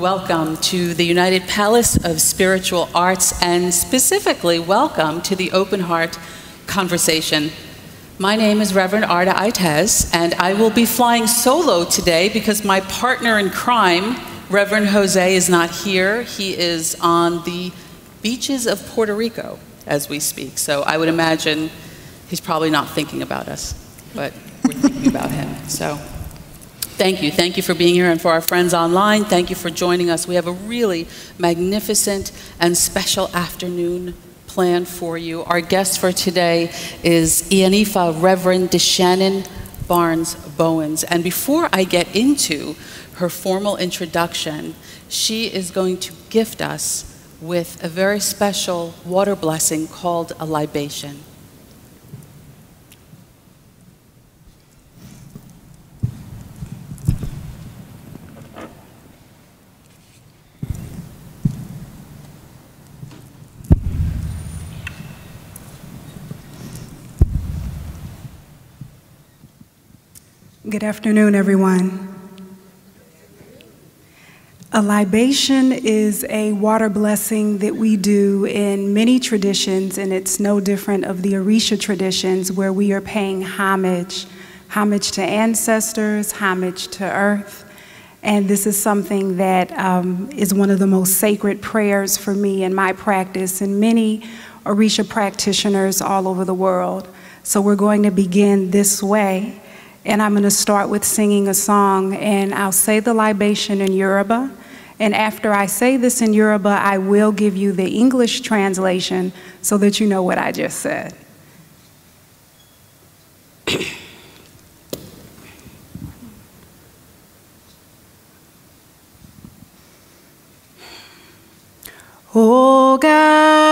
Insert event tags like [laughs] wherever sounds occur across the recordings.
welcome to the United Palace of Spiritual Arts and specifically welcome to the Open Heart Conversation. My name is Reverend Arda Itez, and I will be flying solo today because my partner in crime, Reverend Jose, is not here. He is on the beaches of Puerto Rico as we speak, so I would imagine he's probably not thinking about us, but we're thinking about him. So. Thank you. Thank you for being here and for our friends online. Thank you for joining us. We have a really magnificent and special afternoon planned for you. Our guest for today is Ianifa Reverend DeShannon Barnes Bowens. And before I get into her formal introduction, she is going to gift us with a very special water blessing called a libation. Good afternoon, everyone. A libation is a water blessing that we do in many traditions, and it's no different of the Orisha traditions where we are paying homage, homage to ancestors, homage to earth. And this is something that um, is one of the most sacred prayers for me in my practice and many Orisha practitioners all over the world. So we're going to begin this way. And I'm going to start with singing a song, and I'll say the libation in Yoruba. And after I say this in Yoruba, I will give you the English translation so that you know what I just said. [coughs] oh God.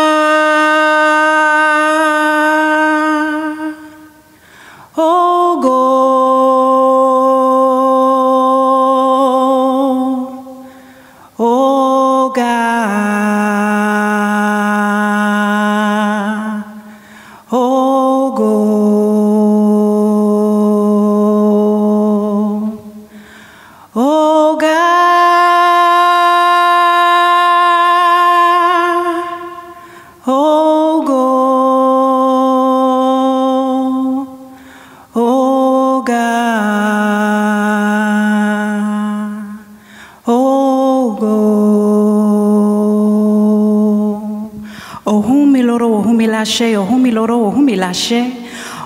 humilashe, ohumiloro, ohumilashe.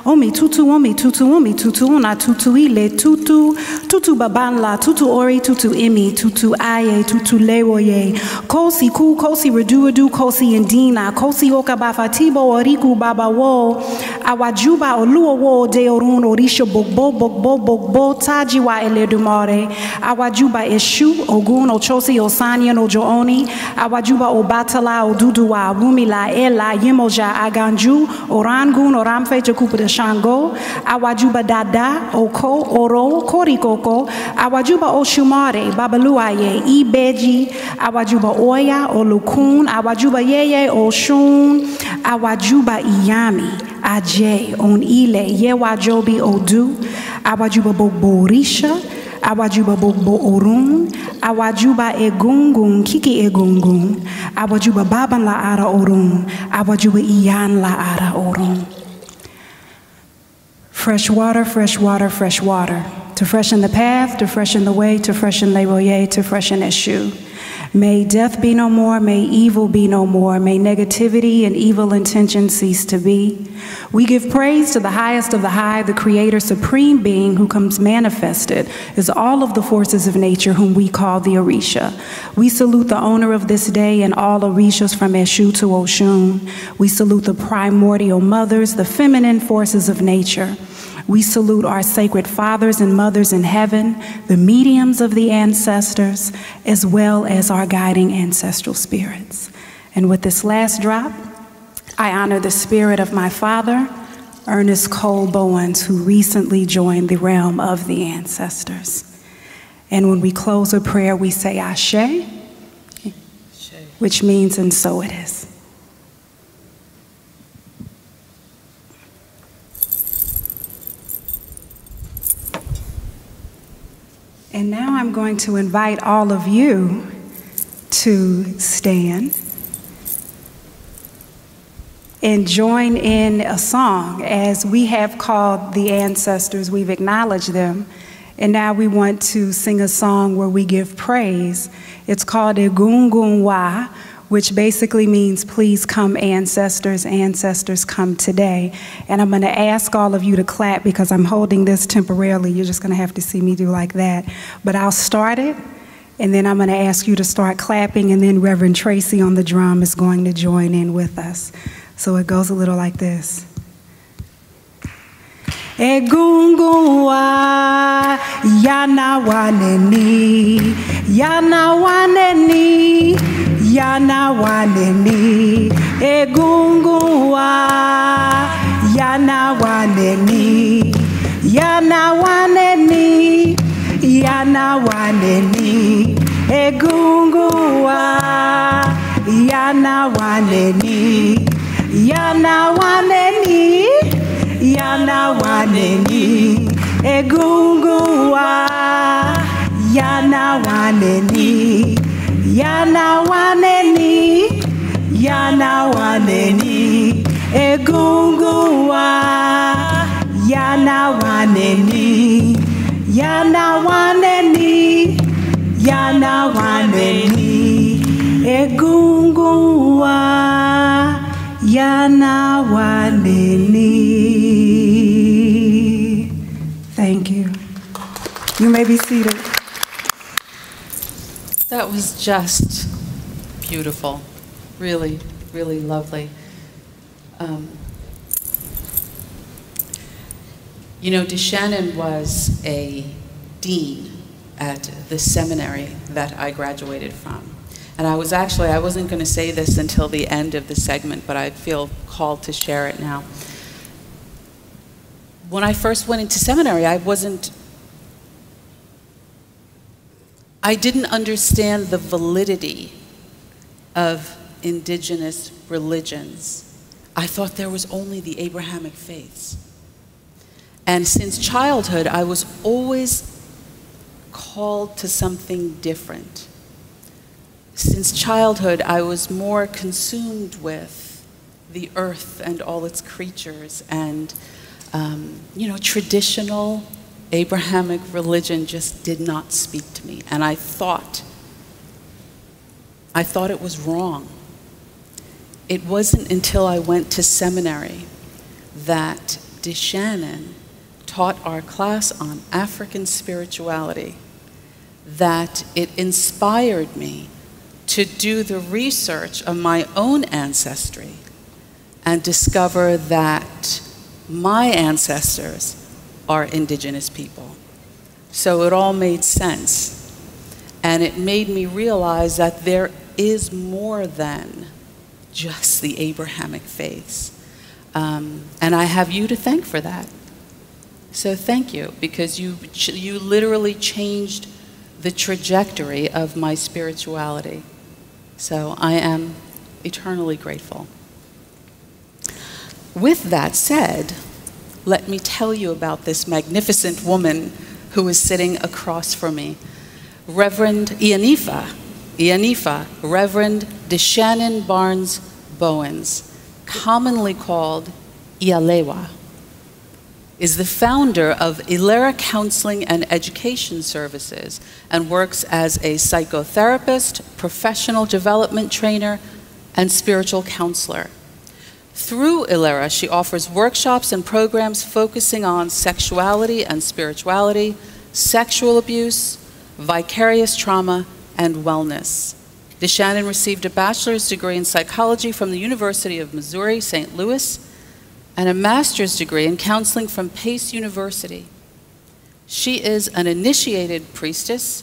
Omi tutu, omi tutu, omi tutu, una tutu ile tutu, tutu babanla, tutu ori, tutu imi, tutu aye, tutu lewoye. Kosi ku, kosi reduadu, kosi indina, kosi okabafa tibo oriku baba wo, awajuba oluo wo de orun orisho bogbo, bogbo, bogbo, ele dumaré awajuba eshu, ogun, ochosi, osanyan, ojooni, awajuba obatala, oduduwa, wumila, ela, yemoja aganju, orangun, oramfe, jakupada Shango, Awajuba Dada, Oko, Oro, Korikoko, Awajuba Oshumare, Babaluaye, Ibeji, Awajuba Oya, Olukun, Awajuba Yeye, Oshun, Awajuba Iyami. Aje, On Ile, Yewajobi Odu, Awajuba Boborisha, Awajuba Bobo Orun, Awajuba Egungun, Kiki Egungun, Awajuba Baban Ara Orun, Awajuba Iyan La Ara Orun. Fresh water, fresh water, fresh water. To freshen the path, to freshen the way, to freshen Le yea, to freshen its May death be no more, may evil be no more, may negativity and evil intention cease to be. We give praise to the highest of the high, the creator supreme being who comes manifested as all of the forces of nature whom we call the Orisha. We salute the owner of this day and all Orishas from Eshu to Oshun. We salute the primordial mothers, the feminine forces of nature. We salute our sacred fathers and mothers in heaven, the mediums of the ancestors, as well as our guiding ancestral spirits. And with this last drop, I honor the spirit of my father, Ernest Cole Bowens, who recently joined the realm of the ancestors. And when we close a prayer, we say Ashe, which means, and so it is. And now I'm going to invite all of you to stand and join in a song as we have called the ancestors, we've acknowledged them. And now we want to sing a song where we give praise. It's called Egungun Wa, which basically means please come ancestors, ancestors come today. And I'm gonna ask all of you to clap because I'm holding this temporarily. You're just gonna have to see me do like that. But I'll start it and then I'm gonna ask you to start clapping and then Reverend Tracy on the drum is going to join in with us. So it goes a little like this. Egungun wa yana waneni yana waneni yana waneni Egungun wa yana waneni yana waneni yana waneni Egungun yana waneni yana waneni Yana Yana waneni waneni. egunguwa. yanawaneni egungun wa yanawaneni yanawaneni yanawaneni egungun wa yanawaneni yanawaneni yanawaneni egungun wa yanawaneni. You may be seated. That was just beautiful. Really, really lovely. Um, you know, DeShannon was a dean at the seminary that I graduated from. And I was actually, I wasn't going to say this until the end of the segment, but I feel called to share it now. When I first went into seminary, I wasn't I didn't understand the validity of indigenous religions. I thought there was only the Abrahamic faiths. And since childhood, I was always called to something different. Since childhood, I was more consumed with the earth and all its creatures and, um, you know, traditional Abrahamic religion just did not speak to me. And I thought, I thought it was wrong. It wasn't until I went to seminary that DeShannon taught our class on African spirituality that it inspired me to do the research of my own ancestry and discover that my ancestors are indigenous people. So it all made sense. And it made me realize that there is more than just the Abrahamic faiths. Um, and I have you to thank for that. So thank you, because you, you literally changed the trajectory of my spirituality. So I am eternally grateful. With that said, let me tell you about this magnificent woman who is sitting across from me. Reverend Ianifa, Ianifa, Reverend DeShannon Barnes Bowens, commonly called Ialewa, is the founder of Ilera Counseling and Education Services and works as a psychotherapist, professional development trainer, and spiritual counselor. Through Ilera, she offers workshops and programs focusing on sexuality and spirituality, sexual abuse, vicarious trauma, and wellness. DeShannon received a bachelor's degree in psychology from the University of Missouri, St. Louis, and a master's degree in counseling from Pace University. She is an initiated priestess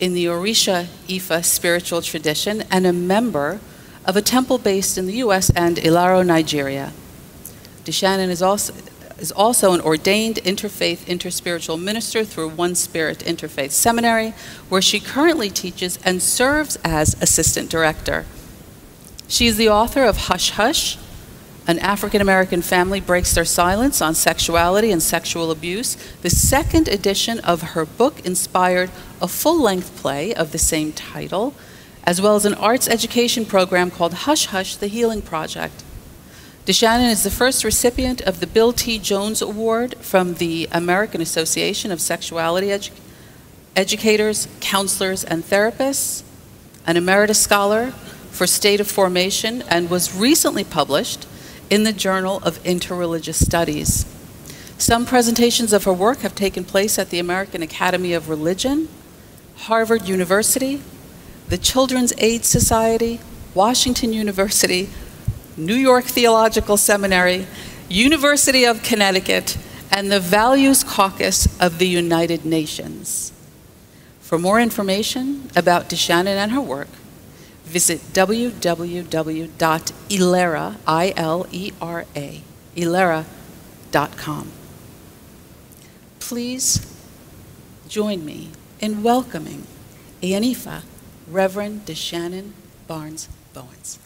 in the Orisha Ifa spiritual tradition and a member of a temple based in the U.S. and Ilaro, Nigeria. DeShannon is also, is also an ordained interfaith interspiritual minister through One Spirit Interfaith Seminary, where she currently teaches and serves as assistant director. She is the author of Hush Hush, an African American family breaks their silence on sexuality and sexual abuse, the second edition of her book inspired a full length play of the same title as well as an arts education program called Hush Hush, the Healing Project. DeShannon is the first recipient of the Bill T. Jones Award from the American Association of Sexuality Edu Educators, Counselors, and Therapists, an emeritus scholar for State of Formation, and was recently published in the Journal of Interreligious Studies. Some presentations of her work have taken place at the American Academy of Religion, Harvard University, the Children's Aid Society, Washington University, New York Theological Seminary, University of Connecticut, and the Values Caucus of the United Nations. For more information about DeShannon and her work, visit www.ilera.com. Please join me in welcoming Enifa Reverend DeShannon Barnes Bowens.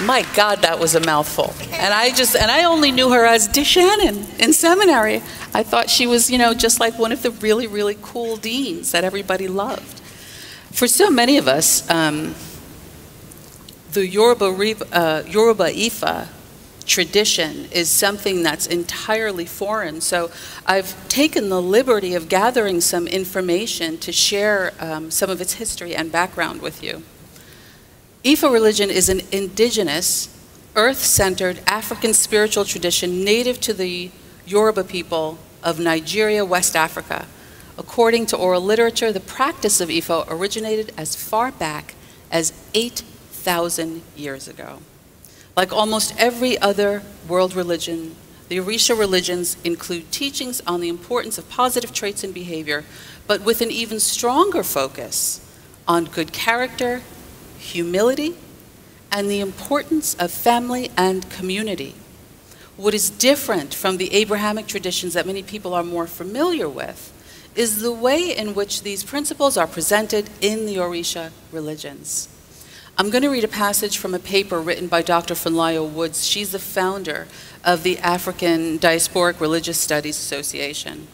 My God, that was a mouthful. And I just, and I only knew her as DeShannon in seminary. I thought she was, you know, just like one of the really, really cool deans that everybody loved. For so many of us, um, the Yoruba, uh, Yoruba Ifa tradition is something that's entirely foreign. So I've taken the liberty of gathering some information to share um, some of its history and background with you. Ifa religion is an indigenous, earth-centered African spiritual tradition native to the Yoruba people of Nigeria, West Africa. According to oral literature, the practice of Ifa originated as far back as 8,000 years ago. Like almost every other world religion, the Orisha religions include teachings on the importance of positive traits and behavior, but with an even stronger focus on good character, humility, and the importance of family and community. What is different from the Abrahamic traditions that many people are more familiar with is the way in which these principles are presented in the Orisha religions. I'm going to read a passage from a paper written by Dr. Funlayo Woods. She's the founder of the African Diasporic Religious Studies Association.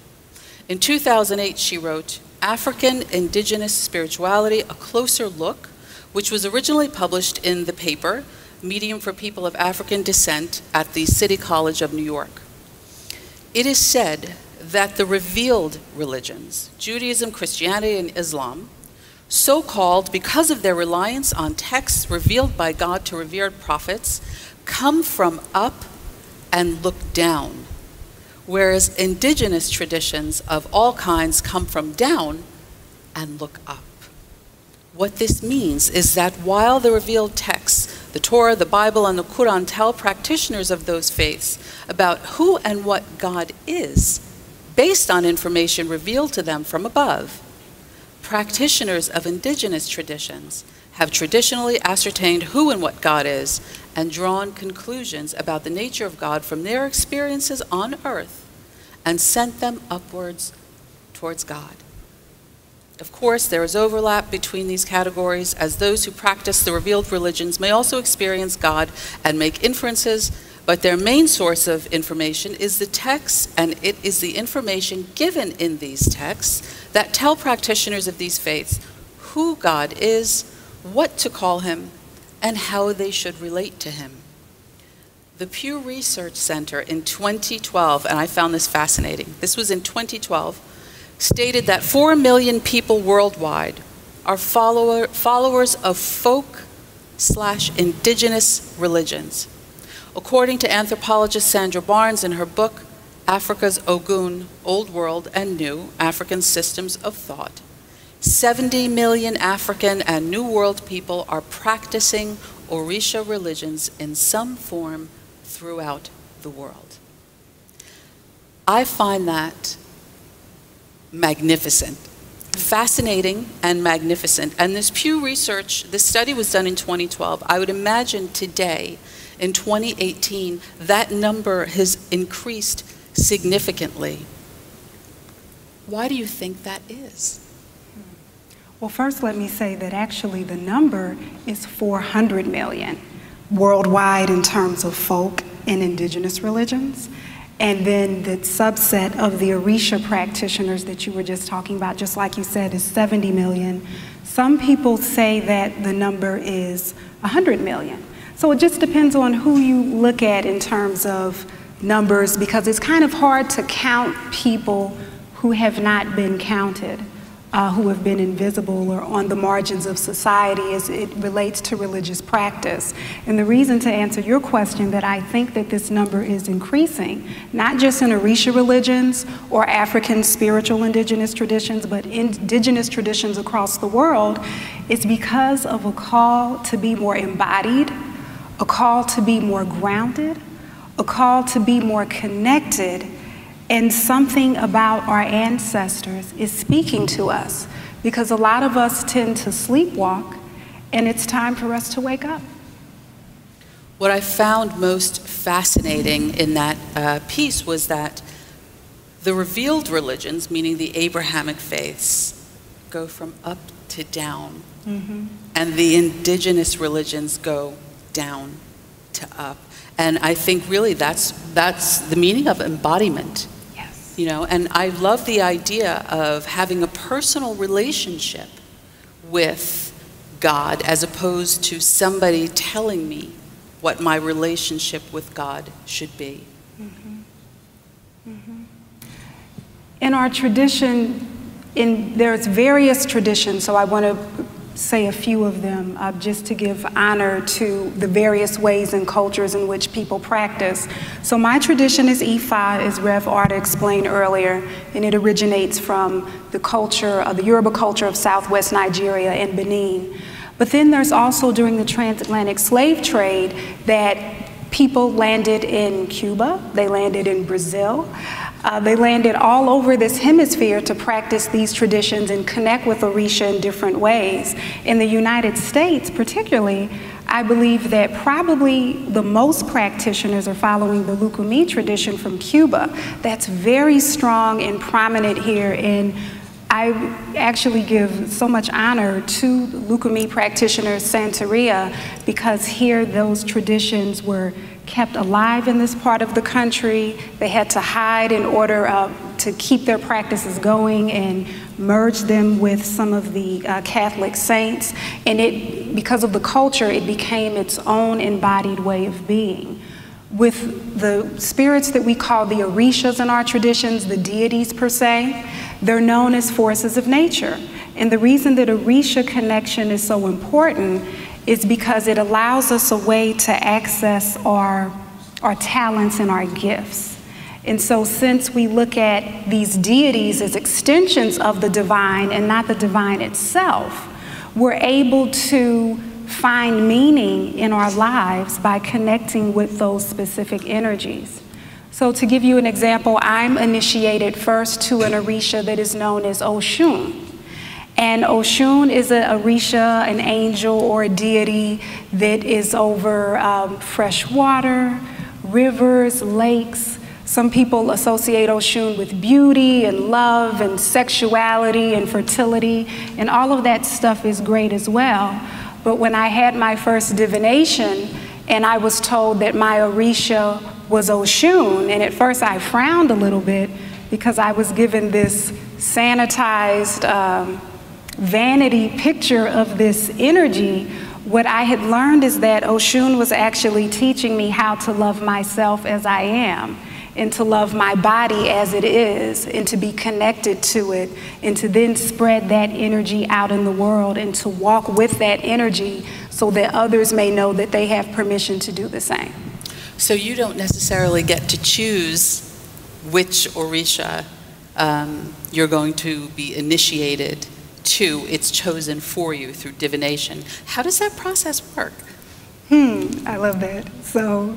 In 2008, she wrote, African Indigenous Spirituality, A Closer Look, which was originally published in the paper, Medium for People of African Descent at the City College of New York. It is said that the revealed religions, Judaism, Christianity, and Islam, so called because of their reliance on texts revealed by God to revered prophets, come from up and look down, whereas indigenous traditions of all kinds come from down and look up. What this means is that while the revealed texts, the Torah, the Bible, and the Quran, tell practitioners of those faiths about who and what God is, based on information revealed to them from above, practitioners of indigenous traditions have traditionally ascertained who and what God is and drawn conclusions about the nature of God from their experiences on earth and sent them upwards towards God. Of course, there is overlap between these categories, as those who practice the revealed religions may also experience God and make inferences, but their main source of information is the texts, and it is the information given in these texts that tell practitioners of these faiths who God is, what to call him, and how they should relate to him. The Pew Research Center in 2012, and I found this fascinating, this was in 2012, stated that 4 million people worldwide are follower, followers of folk slash indigenous religions. According to anthropologist Sandra Barnes in her book, Africa's Ogun, Old World and New African Systems of Thought, 70 million African and New World people are practicing Orisha religions in some form throughout the world. I find that magnificent, fascinating and magnificent. And this Pew Research, this study was done in 2012. I would imagine today, in 2018, that number has increased significantly. Why do you think that is? Well, first, let me say that actually the number is 400 million worldwide in terms of folk and indigenous religions. And then the subset of the Orisha practitioners that you were just talking about, just like you said, is 70 million. Some people say that the number is 100 million. So it just depends on who you look at in terms of numbers because it's kind of hard to count people who have not been counted, uh, who have been invisible or on the margins of society as it relates to religious practice. And the reason to answer your question that I think that this number is increasing, not just in Orisha religions or African spiritual indigenous traditions, but indigenous traditions across the world, is because of a call to be more embodied, a call to be more grounded, a call to be more connected, and something about our ancestors is speaking to us because a lot of us tend to sleepwalk, and it's time for us to wake up. What I found most fascinating in that uh, piece was that the revealed religions, meaning the Abrahamic faiths, go from up to down, mm -hmm. and the indigenous religions go down to up. And I think really that's, that's the meaning of embodiment. Yes. You know, and I love the idea of having a personal relationship with God as opposed to somebody telling me what my relationship with God should be. Mm-hmm. Mm-hmm. In our tradition, in, there's various traditions, so I want to say a few of them uh, just to give honor to the various ways and cultures in which people practice. So my tradition is Ifa, as Rev Arda explained earlier, and it originates from the culture, uh, the Yoruba culture of Southwest Nigeria and Benin. But then there's also during the transatlantic slave trade that people landed in Cuba, they landed in Brazil. Uh, they landed all over this hemisphere to practice these traditions and connect with Orisha in different ways. In the United States, particularly, I believe that probably the most practitioners are following the Lukumi tradition from Cuba. That's very strong and prominent here in I actually give so much honor to Lukumi practitioner Santeria because here those traditions were kept alive in this part of the country. They had to hide in order uh, to keep their practices going and merge them with some of the uh, Catholic saints. And it, because of the culture, it became its own embodied way of being. With the spirits that we call the Orishas in our traditions, the deities per se, they're known as forces of nature. And the reason that Orisha connection is so important is because it allows us a way to access our, our talents and our gifts. And so, since we look at these deities as extensions of the divine and not the divine itself, we're able to find meaning in our lives by connecting with those specific energies. So, to give you an example, I'm initiated first to an Orisha that is known as Oshun. And Oshun is a Orisha, an angel or a deity that is over um, fresh water, rivers, lakes. Some people associate Oshun with beauty and love and sexuality and fertility, and all of that stuff is great as well. But when I had my first divination, and I was told that my Orisha was Oshun, and at first I frowned a little bit because I was given this sanitized, um, vanity picture of this energy, what I had learned is that Oshun was actually teaching me how to love myself as I am and to love my body as it is and to be connected to it and to then spread that energy out in the world and to walk with that energy so that others may know that they have permission to do the same. So you don't necessarily get to choose which Orisha um, you're going to be initiated Two, it's chosen for you through divination. How does that process work? Hmm, I love that. So,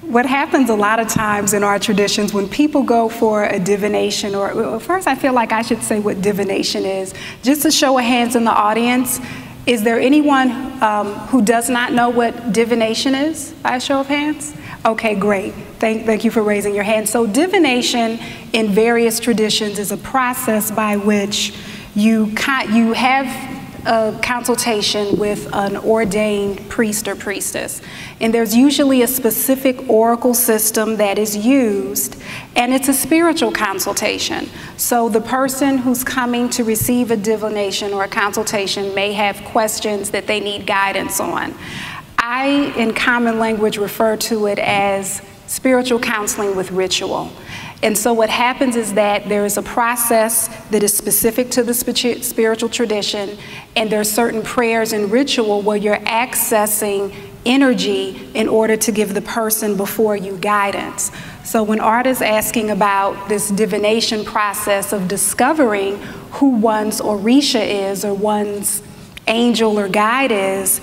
what happens a lot of times in our traditions when people go for a divination, or well, first I feel like I should say what divination is, just to show of hands in the audience. Is there anyone um, who does not know what divination is by a show of hands? Okay, great. Thank, thank you for raising your hand. So, divination in various traditions is a process by which you, you have a consultation with an ordained priest or priestess. And there's usually a specific oracle system that is used, and it's a spiritual consultation. So the person who's coming to receive a divination or a consultation may have questions that they need guidance on. I, in common language, refer to it as spiritual counseling with ritual. And so what happens is that there is a process that is specific to the spiritual tradition, and there are certain prayers and ritual where you're accessing energy in order to give the person before you guidance. So when Art is asking about this divination process of discovering who one's Orisha is or one's angel or guide is,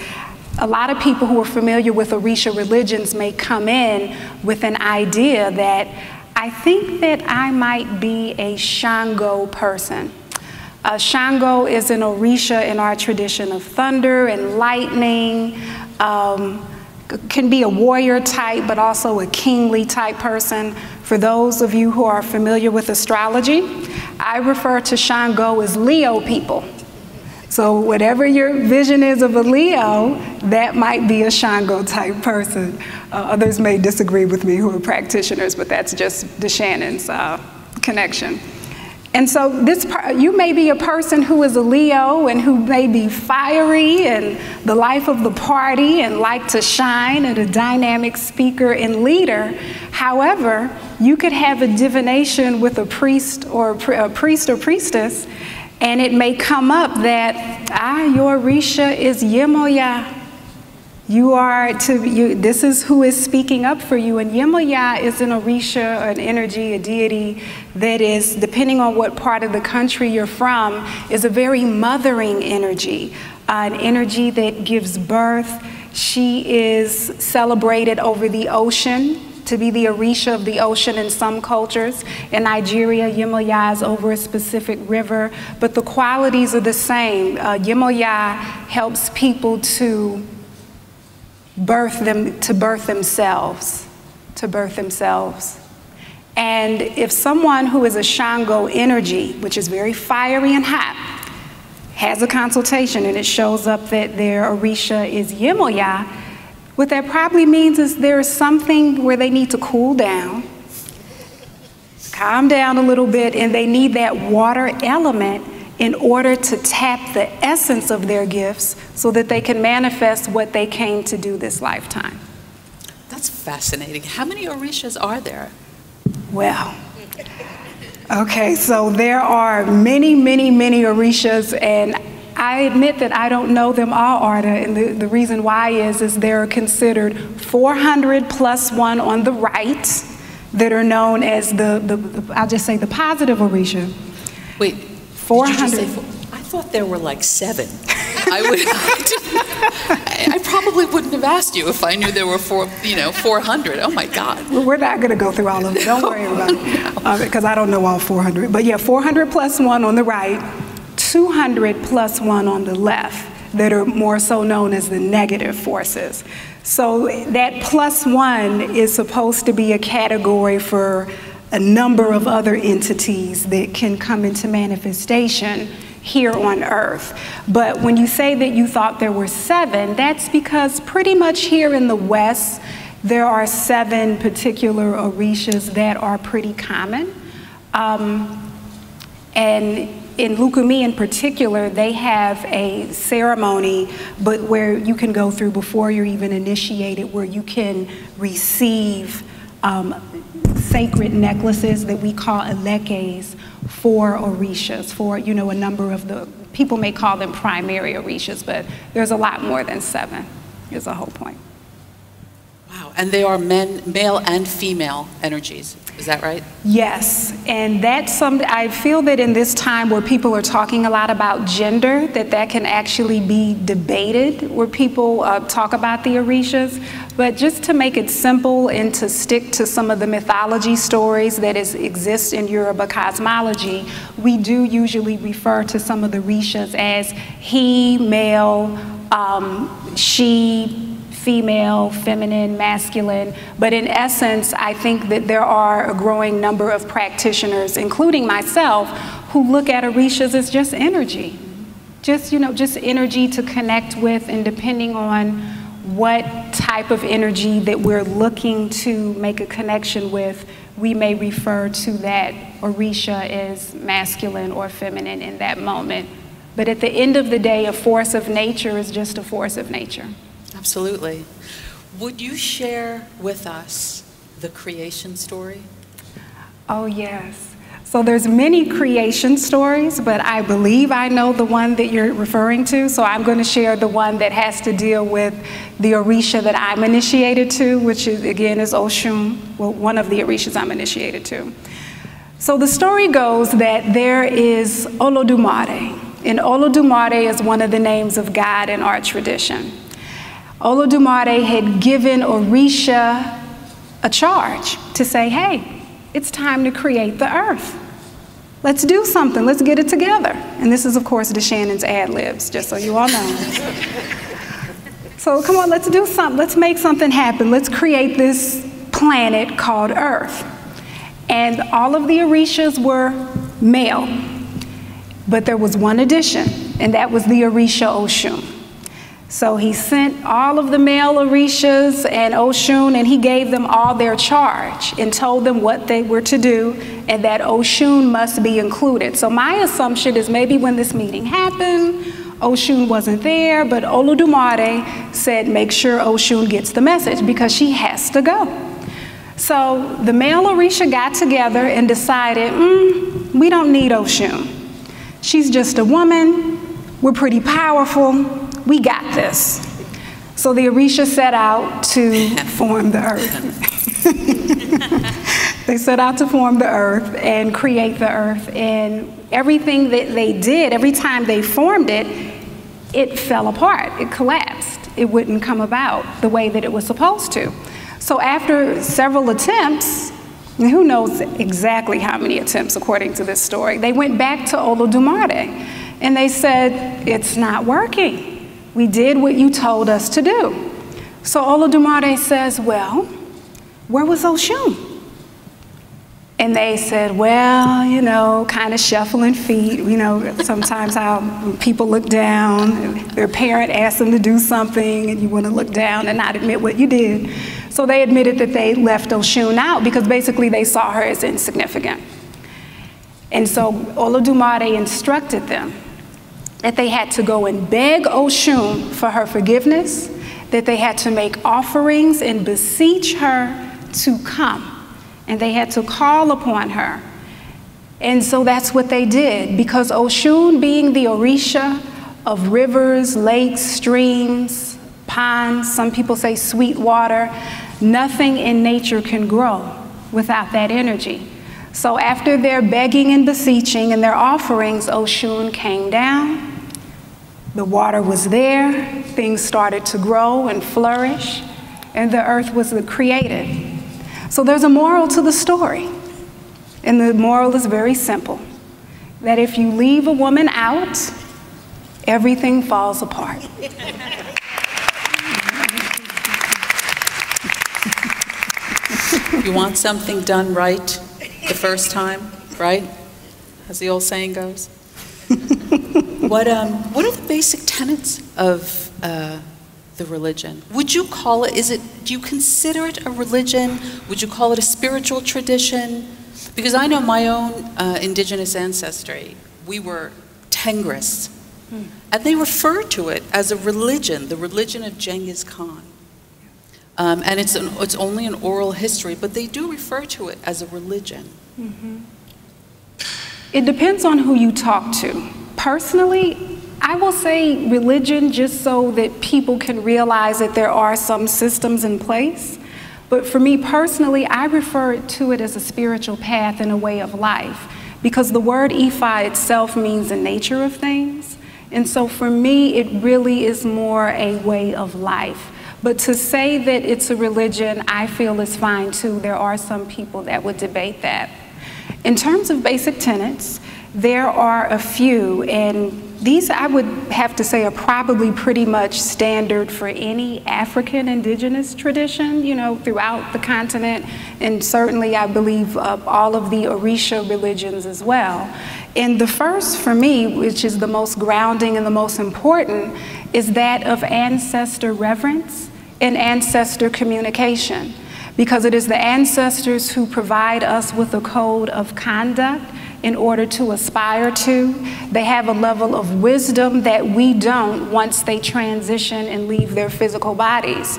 a lot of people who are familiar with Orisha religions may come in with an idea that I think that I might be a Shango person. Shango is an Orisha in our tradition of thunder and lightning, um, can be a warrior type, but also a kingly type person. For those of you who are familiar with astrology, I refer to Shango as Leo people. So whatever your vision is of a Leo, that might be a Shango type person. Uh, others may disagree with me who are practitioners, but that's just DeShannon's uh, connection. And so this you may be a person who is a Leo and who may be fiery and the life of the party and like to shine and a dynamic speaker and leader. However, you could have a divination with a priest or a priest or priestess and it may come up that, ah, your Risha is Yemoya. You are to, you, this is who is speaking up for you. And Yemoya is an Orisha, an energy, a deity that is, depending on what part of the country you're from, is a very mothering energy, uh, an energy that gives birth. She is celebrated over the ocean to be the Orisha of the ocean in some cultures. In Nigeria, Yemoya is over a specific river, but the qualities are the same. Uh, Yemoya helps people to birth them to birth themselves, to birth themselves. And if someone who is a Shango energy, which is very fiery and hot, has a consultation and it shows up that their Orisha is Yemoya, what that probably means is there is something where they need to cool down, calm down a little bit, and they need that water element in order to tap the essence of their gifts so that they can manifest what they came to do this lifetime. That's fascinating. How many Orishas are there? Well, okay, so there are many, many, many Orishas, and I admit that I don't know them all, Arda, and the, the reason why is, is they're considered 400 plus one on the right that are known as the, the, the I'll just say the positive Orisha. Wait, 400. Four? I thought there were like seven. [laughs] I would. I, I, probably wouldn't have asked you if I knew there were four, you know, 400. Oh my God. Well, we're not going to go through all of them. Don't worry about it, because [laughs] no. Uh, I don't know all 400. But yeah, 400 plus one on the right, 200 plus one on the left that are more so known as the negative forces. So that plus one is supposed to be a category for a number of other entities that can come into manifestation here on earth. But when you say that you thought there were seven, that's because pretty much here in the West, there are seven particular orishas that are pretty common. Um, and in Lukumi in particular, they have a ceremony, but where you can go through before you're even initiated, where you can receive um, sacred necklaces that we call elekes for orishas, for you know a number of the people may call them primary orishas, but there's a lot more than seven. Is the whole point. Wow, and they are men, male and female energies. Is that right? Yes, and that's some. I feel that in this time where people are talking a lot about gender, that that can actually be debated. Where people uh, talk about the Orishas, but just to make it simple and to stick to some of the mythology stories that is, exist in Yoruba cosmology, we do usually refer to some of the Orishas as he, male, um, she, female, feminine, masculine, but in essence, I think that there are a growing number of practitioners, including myself, who look at orishas as just energy. Just, you know, just energy to connect with and depending on what type of energy that we're looking to make a connection with, we may refer to that orisha as masculine or feminine in that moment. But at the end of the day, a force of nature is just a force of nature. Absolutely. Would you share with us the creation story? Oh, yes. So there's many creation stories, but I believe I know the one that you're referring to. So I'm going to share the one that has to deal with the Orisha that I'm initiated to, which is, again is Oshun, well, one of the Orishas I'm initiated to. So the story goes that there is Olodumare, and Olodumare is one of the names of God in our tradition. Olodumare had given Orisha a charge to say, hey, it's time to create the earth. Let's do something. Let's get it together. And this is, of course, DeShannon's ad libs, just so you all know. [laughs] so come on, let's do something. Let's make something happen. Let's create this planet called Earth. And all of the Orishas were male. But there was one addition, and that was the Orisha Oshun. So he sent all of the male Orishas and Oshun, and he gave them all their charge and told them what they were to do, and that Oshun must be included. So my assumption is maybe when this meeting happened, Oshun wasn't there, but Oludumare said, make sure Oshun gets the message because she has to go. So the male Orisha got together and decided, mm, we don't need Oshun. She's just a woman. We're pretty powerful we got this. So the Orisha set out to [laughs] form the earth. [laughs] they set out to form the earth and create the earth. And everything that they did, every time they formed it, it fell apart, it collapsed. It wouldn't come about the way that it was supposed to. So after several attempts, who knows exactly how many attempts according to this story, they went back to Olodumare and they said, it's not working we did what you told us to do. So Olodumare says, Well, where was Oshun? And they said, Well, you know, kind of shuffling feet. You know, sometimes how people look down, their parent asks them to do something, and you want to look down and not admit what you did. So they admitted that they left Oshun out because basically they saw her as insignificant. And so Olodumare instructed them that they had to go and beg Oshun for her forgiveness, that they had to make offerings and beseech her to come, and they had to call upon her. And so that's what they did, because Oshun, being the Orisha of rivers, lakes, streams, ponds, some people say sweet water, nothing in nature can grow without that energy. So after their begging and beseeching and their offerings, Oshun came down. The water was there, things started to grow and flourish, and the earth was created. So there's a moral to the story. And the moral is very simple that if you leave a woman out, everything falls apart. you want something done right, the first time, right? As the old saying goes. [laughs] what, um, what are the basic tenets of uh, the religion? Would you call it, is it, do you consider it a religion? Would you call it a spiritual tradition? Because I know my own uh, indigenous ancestry, we were Tengris, Hmm. And they refer to it as a religion, the religion of Genghis Khan. Um, and it's, an, it's only an oral history, but they do refer to it as a religion. Mm -hmm. It depends on who you talk to. Personally, I will say religion just so that people can realize that there are some systems in place. But for me personally, I refer to it as a spiritual path and a way of life because the word "efi" itself means the nature of things. And so for me, it really is more a way of life. But to say that it's a religion, I feel is fine too. There are some people that would debate that. In terms of basic tenets, there are a few, and these I would have to say are probably pretty much standard for any African indigenous tradition, you know, throughout the continent, and certainly I believe uh, all of the Orisha religions as well. And the first for me, which is the most grounding and the most important, is that of ancestor reverence and ancestor communication because it is the ancestors who provide us with a code of conduct in order to aspire to. They have a level of wisdom that we don't once they transition and leave their physical bodies.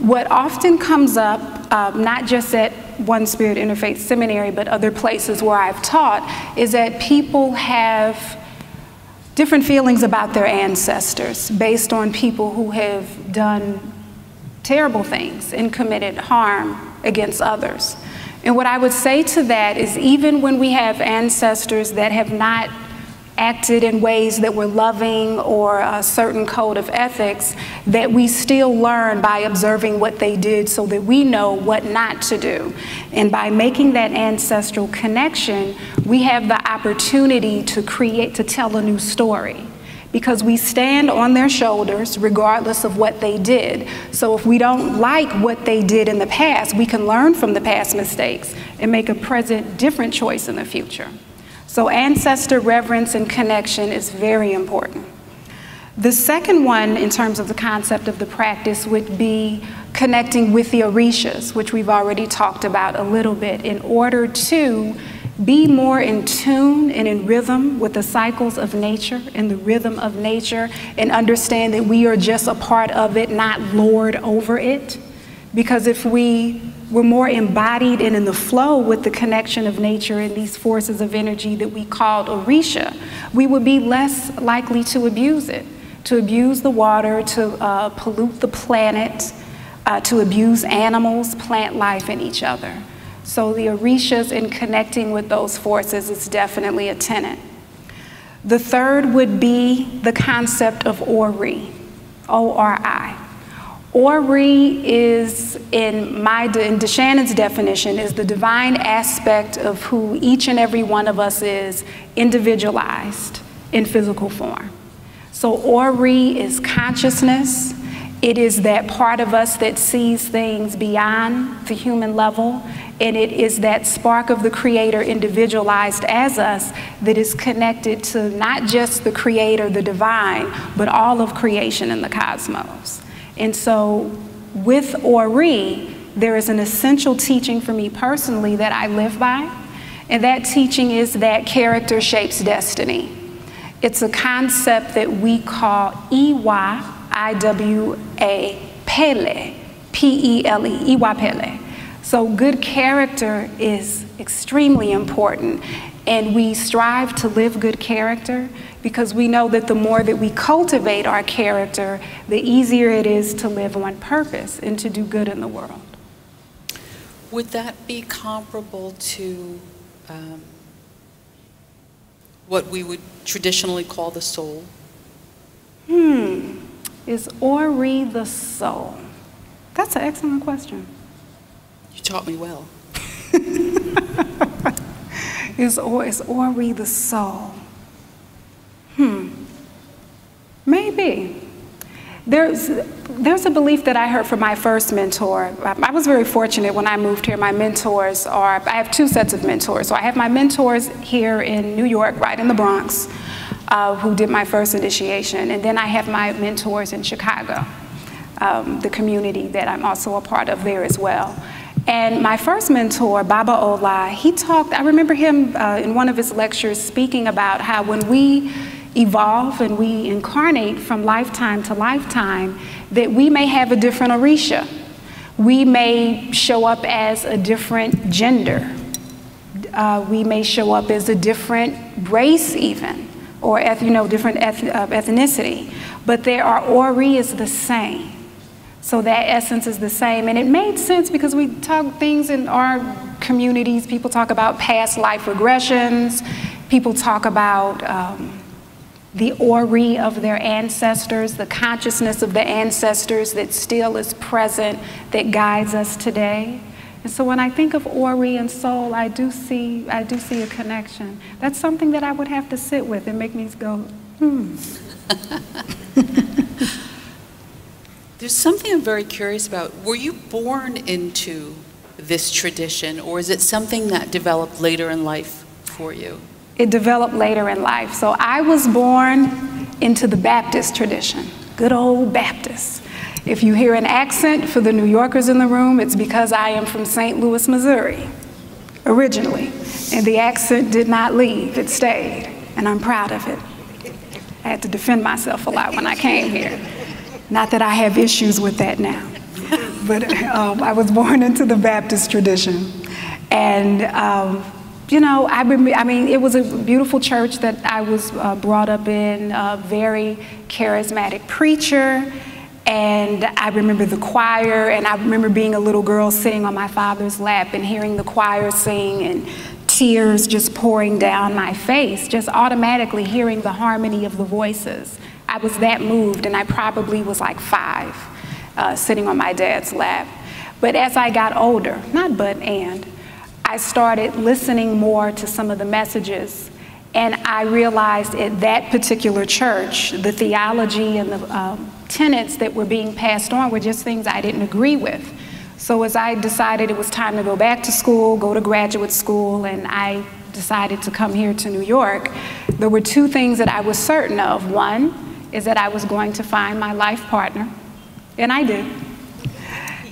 What often comes up, uh, not just at One Spirit Interfaith Seminary, but other places where I've taught, is that people have different feelings about their ancestors based on people who have done terrible things and committed harm against others. And what I would say to that is even when we have ancestors that have not acted in ways that were loving or a certain code of ethics, that we still learn by observing what they did so that we know what not to do. And by making that ancestral connection, we have the opportunity to create, to tell a new story because we stand on their shoulders regardless of what they did. So if we don't like what they did in the past, we can learn from the past mistakes and make a present different choice in the future. So ancestor reverence and connection is very important. The second one, in terms of the concept of the practice, would be connecting with the Orishas, which we've already talked about a little bit, in order to be more in tune and in rhythm with the cycles of nature and the rhythm of nature and understand that we are just a part of it, not lord over it. Because if we were more embodied and in the flow with the connection of nature and these forces of energy that we called Orisha, we would be less likely to abuse it, to abuse the water, to uh, pollute the planet, uh, to abuse animals, plant life, and each other. So the orishas in connecting with those forces is definitely a tenet. The third would be the concept of Ori, O-R-I. Ori is, in my in DeShannon's definition, is the divine aspect of who each and every one of us is, individualized in physical form. So Ori is consciousness, it is that part of us that sees things beyond the human level, and it is that spark of the Creator individualized as us that is connected to not just the Creator, the divine, but all of creation and the cosmos. And so, with Ori, there is an essential teaching for me personally that I live by, and that teaching is that character shapes destiny. It's a concept that we call Iwa I-W-A Pele, P-E-L-E, Iwa Pele. So good character is extremely important and we strive to live good character because we know that the more that we cultivate our character, the easier it is to live on purpose and to do good in the world. Would that be comparable to um, what we would traditionally call the soul? Hmm. Is Ori the soul? That's an excellent question. You taught me well. [laughs] is, or, is Ori the soul? Hmm. Maybe. There's, there's a belief that I heard from my first mentor. I was very fortunate when I moved here. My mentors are, I have two sets of mentors. So I have my mentors here in New York, right in the Bronx uh, who did my first initiation. And then I have my mentors in Chicago, um, the community that I'm also a part of there as well. And my first mentor, Baba Ola, he talked, I remember him uh, in one of his lectures speaking about how when we evolve and we incarnate from lifetime to lifetime, that we may have a different Orisha. We may show up as a different gender. Uh, we may show up as a different race even or you know, different uh, ethnicity, but there are ori is the same. So that essence is the same. And it made sense because we talk things in our communities. People talk about past life regressions. People talk about um, the ori of their ancestors, the consciousness of the ancestors that still is present, that guides us today. And so when I think of Ori and soul, I do see, I do see a connection. That's something that I would have to sit with and make me go, hmm. [laughs] There's something I'm very curious about. Were you born into this tradition, or is it something that developed later in life for you? It developed later in life. So I was born into the Baptist tradition, good old Baptist. If you hear an accent for the New Yorkers in the room, it's because I am from St. Louis, Missouri, originally. And the accent did not leave, it stayed. And I'm proud of it. I had to defend myself a lot when I came here. Not that I have issues with that now, but [laughs] um, I was born into the Baptist tradition. And, um, you know, I, I, mean, it was a beautiful church that I was uh, brought up in, a very charismatic preacher. And I remember the choir, and I remember being a little girl sitting on my father's lap and hearing the choir sing and tears just pouring down my face, just automatically hearing the harmony of the voices. I was that moved, and I probably was like five, uh, sitting on my dad's lap. But as I got older, not but and, I started listening more to some of the messages. And I realized at that particular church, the theology and the um, tenets that were being passed on were just things I didn't agree with. So as I decided it was time to go back to school, go to graduate school, and I decided to come here to New York, there were two things that I was certain of. One is that I was going to find my life partner, and I did.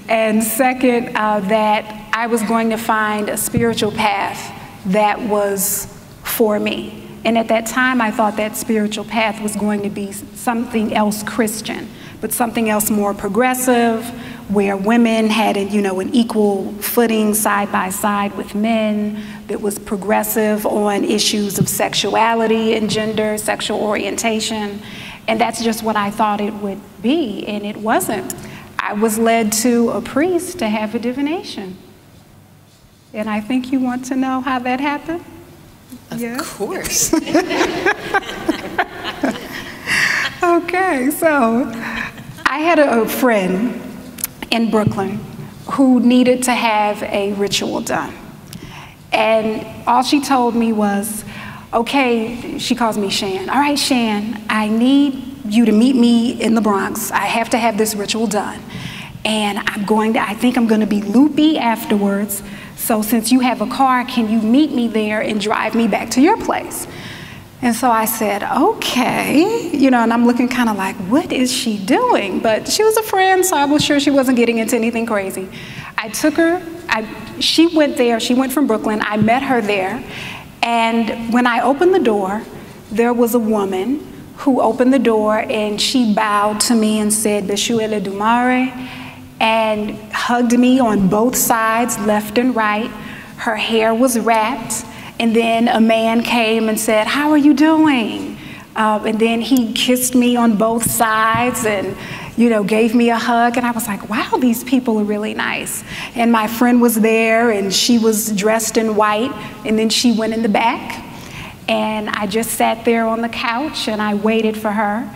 And second, uh, that I was going to find a spiritual path that was for me. And at that time, I thought that spiritual path was going to be something else Christian, but something else more progressive, where women had a, you know an equal footing side by side with men, that was progressive on issues of sexuality and gender, sexual orientation, and that's just what I thought it would be, and it wasn't. I was led to a priest to have a divination. And I think you want to know how that happened? Of course. [laughs] okay, so I had a friend in Brooklyn who needed to have a ritual done. And all she told me was, okay, she calls me Shan. All right, Shan, I need you to meet me in the Bronx. I have to have this ritual done. And I'm going to, I think I'm going to be loopy afterwards. So since you have a car, can you meet me there and drive me back to your place? And so I said, okay, you know, and I'm looking kind of like, what is she doing? But she was a friend, so I was sure she wasn't getting into anything crazy. I took her, I, she went there, she went from Brooklyn, I met her there, and when I opened the door, there was a woman who opened the door and she bowed to me and said, Beshuele Dumare, and hugged me on both sides, left and right. Her hair was wrapped. And then a man came and said, How are you doing? Uh, and then he kissed me on both sides and, you know, gave me a hug. And I was like, wow, these people are really nice. And my friend was there and she was dressed in white. And then she went in the back. And I just sat there on the couch and I waited for her.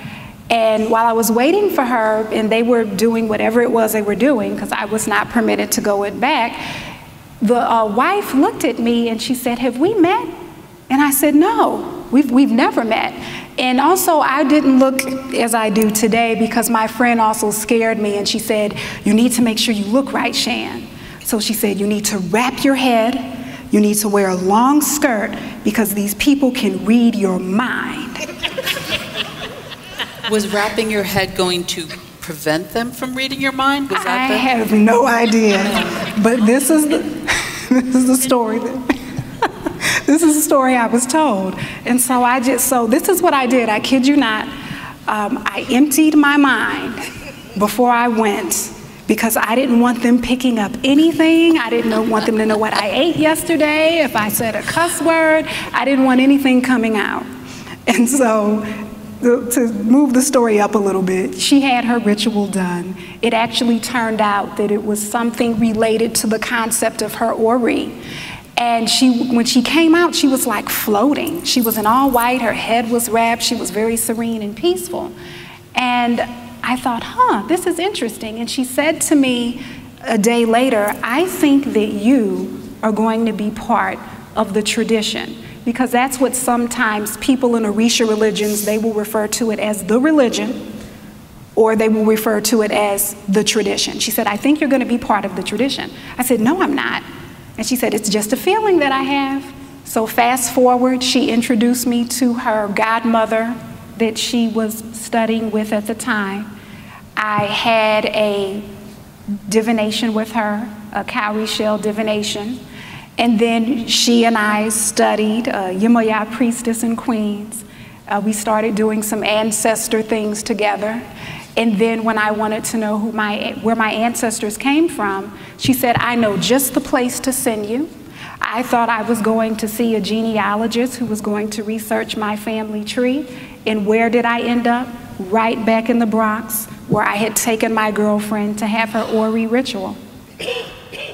And while I was waiting for her, and they were doing whatever it was they were doing, because I was not permitted to go it back, the uh, wife looked at me and she said, Have we met? And I said, No, we've, we've never met. And also, I didn't look as I do today because my friend also scared me and she said, You need to make sure you look right, Shan. So she said, You need to wrap your head, you need to wear a long skirt because these people can read your mind was wrapping your head going to prevent them from reading your mind? Was that I have no idea, but this is the [laughs] this is the story. That, [laughs] this is a story I was told, and so I just so this is what I did. I kid you not. Um, I emptied my mind before I went because I didn't want them picking up anything. I didn't know, want them to know what I ate yesterday, if I said a cuss word. I didn't want anything coming out. And so the, to move the story up a little bit, she had her ritual done. It actually turned out that it was something related to the concept of her ori. And she, when she came out, she was like floating. She was in all white, her head was wrapped, she was very serene and peaceful. And I thought, huh, this is interesting. And she said to me a day later, I think that you are going to be part of the tradition because that's what sometimes people in Orisha religions, they will refer to it as the religion or they will refer to it as the tradition. She said, I think you're going to be part of the tradition. I said, No, I'm not. And she said, It's just a feeling that I have. So, fast forward, she introduced me to her godmother that she was studying with at the time. I had a divination with her, a cowrie shell divination. And then she and I studied uh, Yemaya Priestess in Queens. Uh, we started doing some ancestor things together. And then when I wanted to know who my, where my ancestors came from, she said, I know just the place to send you. I thought I was going to see a genealogist who was going to research my family tree. And where did I end up? Right back in the Bronx, where I had taken my girlfriend to have her Ori ritual.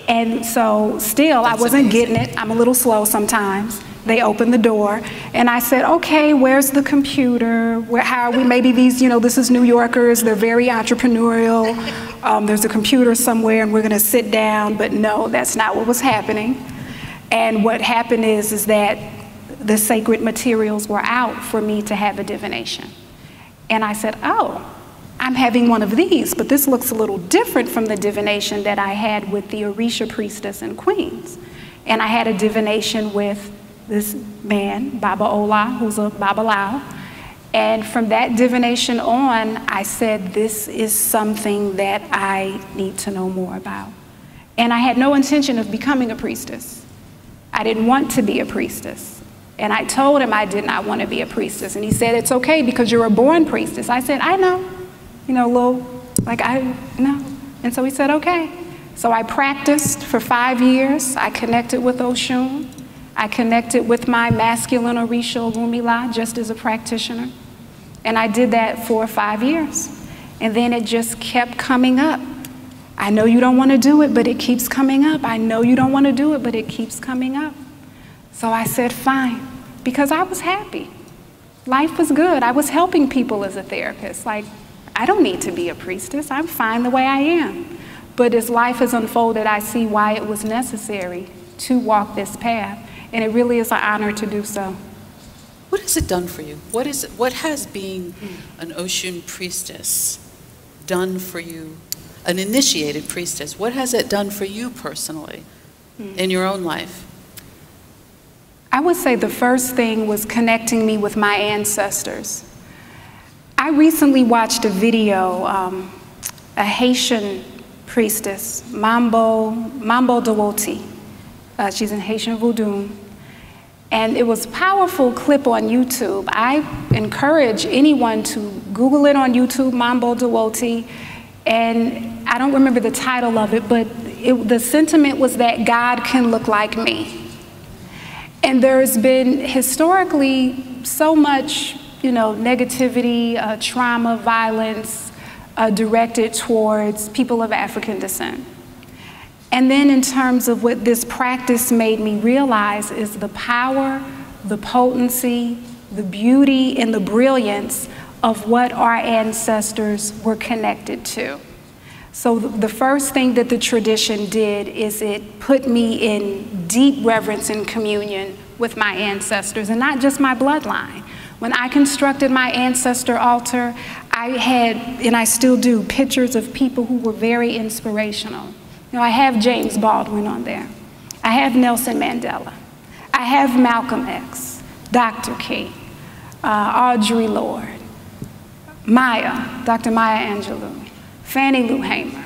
And so still, That's I wasn't amazing. getting it. I'm a little slow sometimes. They opened the door, and I said, "Okay, where's the computer? Where, how are we? Maybe these, you know, this is New Yorkers. They're very entrepreneurial. Um, there's a computer somewhere, and we're going to sit down." But no, that's not what was happening. And what happened is, is that the sacred materials were out for me to have a divination, and I said, "Oh, I'm having one of these, but this looks a little different from the divination that I had with the Orisha priestess in Queens. And I had a divination with this man, Baba Ola, who's a Baba Lao. And from that divination on, I said, this is something that I need to know more about. And I had no intention of becoming a priestess. I didn't want to be a priestess. And I told him I did not want to be a priestess. And he said, It's okay because you're a born priestess. I said, I know you know, little, like I, no. And so he said, okay. So I practiced for five years. I connected with Oshun. I connected with my masculine Orisho Rumila just as a practitioner. And I did that for five years. And then it just kept coming up. I know you don't want to do it, but it keeps coming up. I know you don't want to do it, but it keeps coming up. So I said, fine, because I was happy. Life was good. I was helping people as a therapist. Like, I don't need to be a priestess. I'm fine the way I am. But as life has unfolded, I see why it was necessary to walk this path. And it really is an honor to do so. What has it done for you? What, is, what has being an ocean priestess done for you, an initiated priestess? What has it done for you personally hmm. in your own life? I would say the first thing was connecting me with my ancestors. I recently watched a video, um, a Haitian priestess, Mambo, Mambo Dawoti. Uh, she's in Haitian Voodoo. And it was a powerful clip on YouTube. I encourage anyone to Google it on YouTube, Mambo Dawoti. And I don't remember the title of it, but it, the sentiment was that God can look like me. And there's been historically so much you know, negativity, uh, trauma, violence uh, directed towards people of African descent. And then in terms of what this practice made me realize is the power, the potency, the beauty, and the brilliance of what our ancestors were connected to. So the first thing that the tradition did is it put me in deep reverence and communion with my ancestors, and not just my bloodline, when I constructed my ancestor altar, I had, and I still do, pictures of people who were very inspirational. You know, I have James Baldwin on there. I have Nelson Mandela. I have Malcolm X, Dr. King, uh, Audre Lorde, Maya, Dr. Maya Angelou, Fannie Lou Hamer,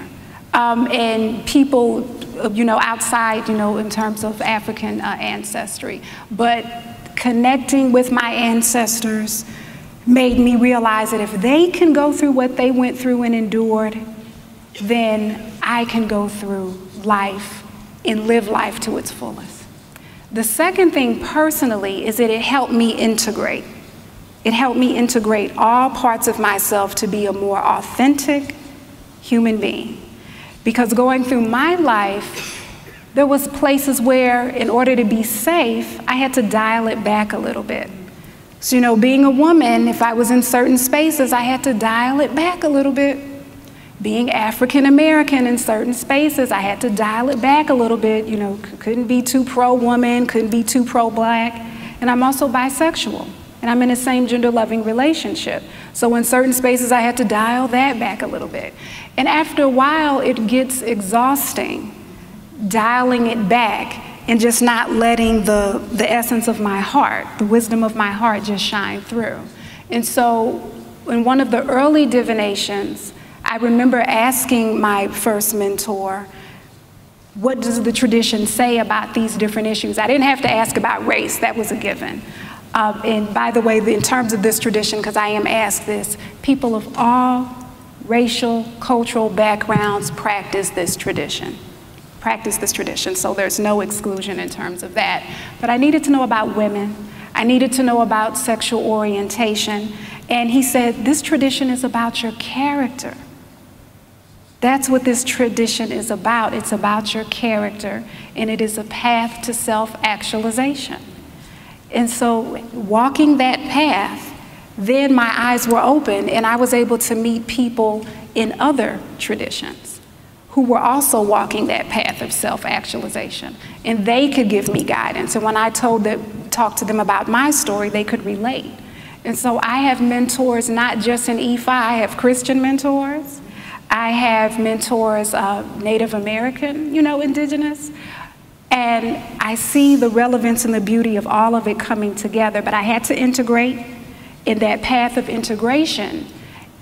um, and people, you know, outside, you know, in terms of African uh, ancestry. But connecting with my ancestors made me realize that if they can go through what they went through and endured, then I can go through life and live life to its fullest. The second thing personally is that it helped me integrate. It helped me integrate all parts of myself to be a more authentic human being. Because going through my life, there was places where in order to be safe, I had to dial it back a little bit. So, you know, being a woman, if I was in certain spaces, I had to dial it back a little bit. Being African American in certain spaces, I had to dial it back a little bit. You know, couldn't be too pro woman, couldn't be too pro black. And I'm also bisexual, and I'm in the same gender loving relationship. So, in certain spaces, I had to dial that back a little bit. And after a while, it gets exhausting dialing it back and just not letting the, the essence of my heart, the wisdom of my heart, just shine through. And so, in one of the early divinations, I remember asking my first mentor, what does the tradition say about these different issues? I didn't have to ask about race, that was a given. Uh, and by the way, in terms of this tradition, because I am asked this, people of all racial, cultural backgrounds practice this tradition practice this tradition, so there's no exclusion in terms of that. But I needed to know about women. I needed to know about sexual orientation. And he said, This tradition is about your character. That's what this tradition is about. It's about your character, and it is a path to self actualization. And so, walking that path, then my eyes were open, and I was able to meet people in other traditions who were also walking that path of self actualization. And they could give me guidance. And when I told them, talked to them about my story, they could relate. And so I have mentors, not just in EFI, I have Christian mentors. I have mentors, uh, Native American, you know, indigenous. And I see the relevance and the beauty of all of it coming together. But I had to integrate in that path of integration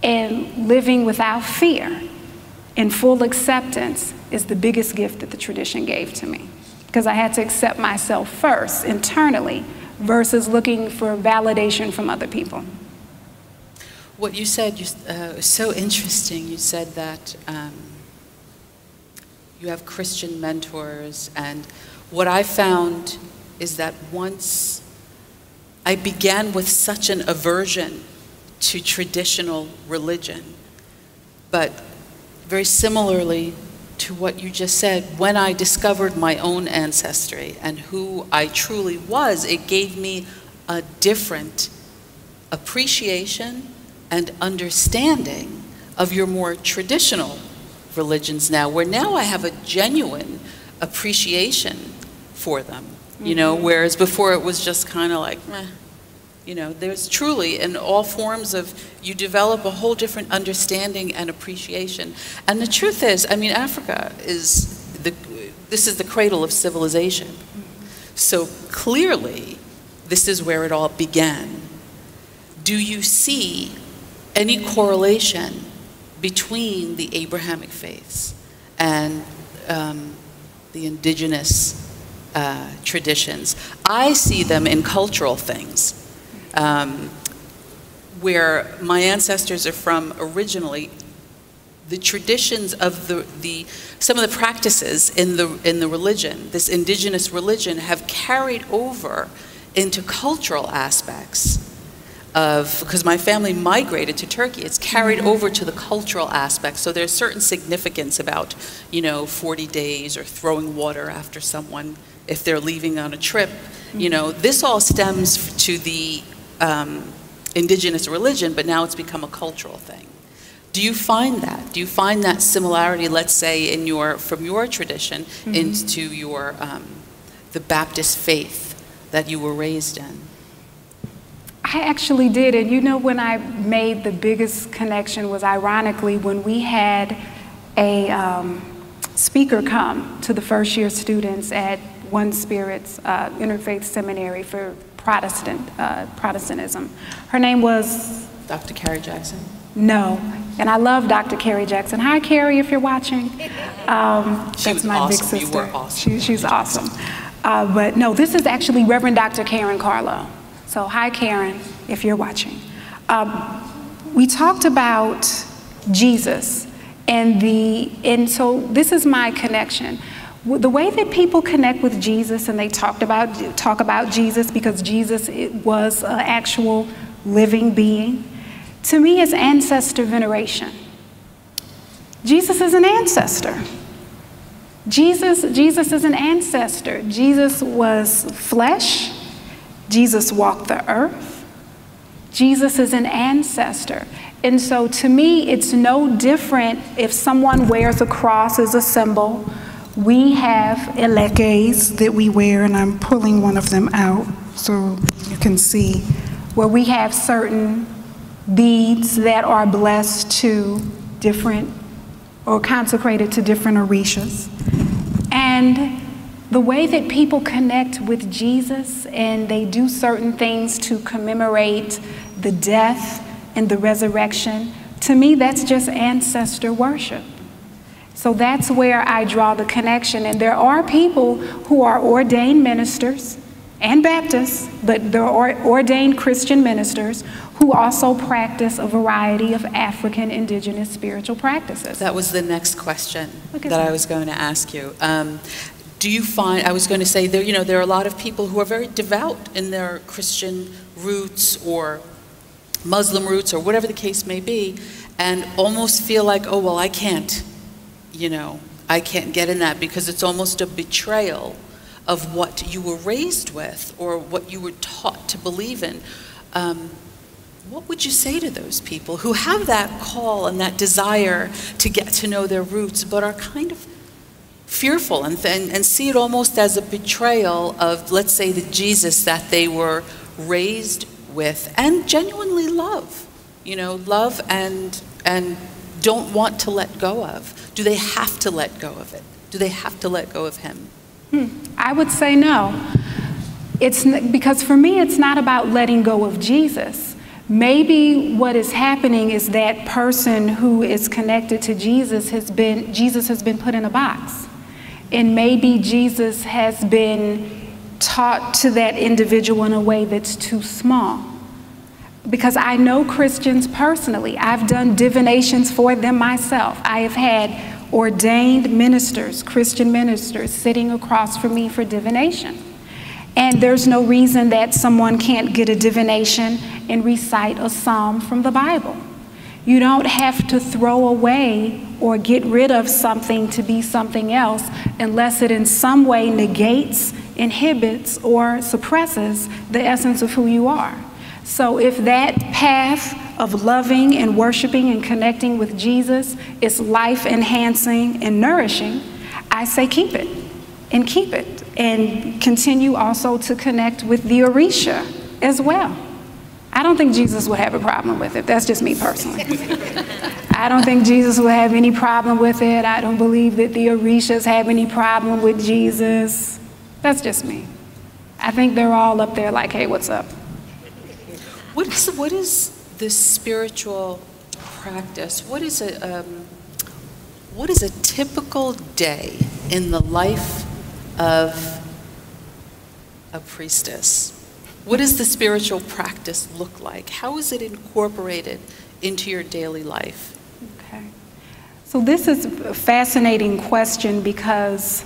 and living without fear and full acceptance is the biggest gift that the tradition gave to me because I had to accept myself first internally versus looking for validation from other people. What you said uh, was so interesting. You said that um, you have Christian mentors, and what I found is that once I began with such an aversion to traditional religion, but very similarly to what you just said, when I discovered my own ancestry and who I truly was, it gave me a different appreciation and understanding of your more traditional religions now, where now I have a genuine appreciation for them, you mm -hmm. know, mm-hmm. whereas before it was just kind of like, Meh. You know, there's truly in all forms of, you develop a whole different understanding and appreciation. And the truth is, I mean, Africa is, the, this is the cradle of civilization. So clearly, this is where it all began. Do you see any correlation between the Abrahamic faiths and um, the indigenous uh, traditions? I see them in cultural things um, where my ancestors are from originally, the traditions of the, the some of the practices in the in the religion, this indigenous religion, have carried over into cultural aspects of because my family migrated to Turkey. It's carried mm -hmm. over to the cultural aspects. So there's certain significance about, you know, 40 days or throwing water after someone if they're leaving on a trip. Mm -hmm. You mm-hmm. know, this all stems to the um, indigenous religion, but now it's become a cultural thing. Do you find that? Do you find that similarity, let's say, in your, from your tradition mm -hmm. into your, um, the Baptist faith that you were raised in? I actually did. And you know, when I made the biggest connection was ironically when we had a um, speaker come to the first year students at One Spirit's uh, Interfaith Seminary for Protestant, uh, Protestantism. Her name was? Dr. Carrie Jackson. No, and I love Dr. Carrie Jackson. Hi, Carrie, if you're watching. Um, she that's my awesome. big sister. Awesome. She, she's awesome. Uh, but no, this is actually Reverend Dr. Karen Carlo. So, hi, Karen, if you're watching. Um, we talked about Jesus and the and so this is my connection the way that people connect with Jesus and they talked about talk about Jesus because Jesus was an actual living being, to me is ancestor veneration. Jesus is an ancestor. Jesus, Jesus is an ancestor. Jesus was flesh. Jesus walked the earth. Jesus is an ancestor. And so to me, it's no different if someone wears a cross as a symbol we have eleques that we wear, and I'm pulling one of them out so you can see, where we have certain beads that are blessed to different or consecrated to different orishas. And the way that people connect with Jesus and they do certain things to commemorate the death and the resurrection, to me, that's just ancestor worship. So that's where I draw the connection. And there are people who are ordained ministers and Baptists, but they're ordained Christian ministers who also practice a variety of African indigenous spiritual practices. That was the next question that, that, I was going to ask you. Um, do you find I was going to say there? You know, there are a lot of people who are very devout in their Christian roots or Muslim roots or whatever the case may be, and almost feel like, oh well, I can't you know, I can't get in that because it's almost a betrayal of what you were raised with or what you were taught to believe in. Um, what would you say to those people who have that call and that desire to get to know their roots but are kind of fearful and, and, and see it almost as a betrayal of, let's say, the Jesus that they were raised with and genuinely love? You know, love and, and don't want to let go of? Do they have to let go of it? Do they have to let go of him? Hmm. I would say no. It's because for me, it's not about letting go of Jesus. Maybe what is happening is that person who is connected to Jesus has been Jesus has been put in a box, and maybe Jesus has been taught to that individual in a way that's too small because I know Christians personally. I've done divinations for them myself. I have had ordained ministers, Christian ministers, sitting across from me for divination. And there's no reason that someone can't get a divination and recite a psalm from the Bible. You don't have to throw away or get rid of something to be something else unless it in some way negates, inhibits, or suppresses the essence of who you are. So if that path of loving and worshiping and connecting with Jesus is life enhancing and nourishing, I say keep it and keep it and continue also to connect with the Orisha as well. I don't think Jesus would have a problem with it. That's just me personally. [laughs] I don't think Jesus would have any problem with it. I don't believe that the Orishas have any problem with Jesus. That's just me. I think they're all up there like, hey, what's up? What is, what is this spiritual practice? What is a, um, what is a typical day in the life of a priestess? What does the spiritual practice look like? How is it incorporated into your daily life? Okay. So, this is a fascinating question because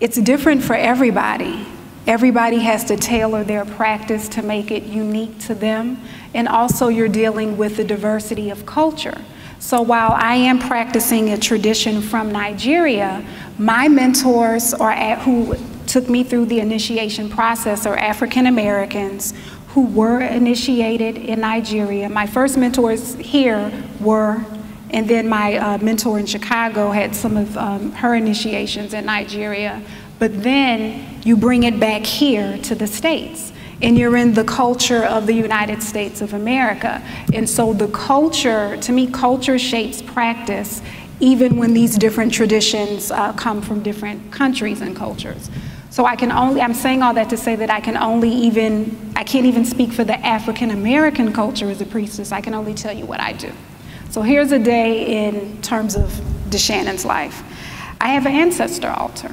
it's different for everybody. Everybody has to tailor their practice to make it unique to them. And also, you're dealing with the diversity of culture. So while I am practicing a tradition from Nigeria, my mentors are at, who took me through the initiation process are African Americans who were initiated in Nigeria. My first mentors here were, and then my uh, mentor in Chicago had some of um, her initiations in Nigeria but then you bring it back here to the States and you're in the culture of the United States of America. And so the culture, to me, culture shapes practice even when these different traditions uh, come from different countries and cultures. So I can only, I'm saying all that to say that I can only even, I can't even speak for the African American culture as a priestess. I can only tell you what I do. So here's a day in terms of DeShannon's life. I have an ancestor altar.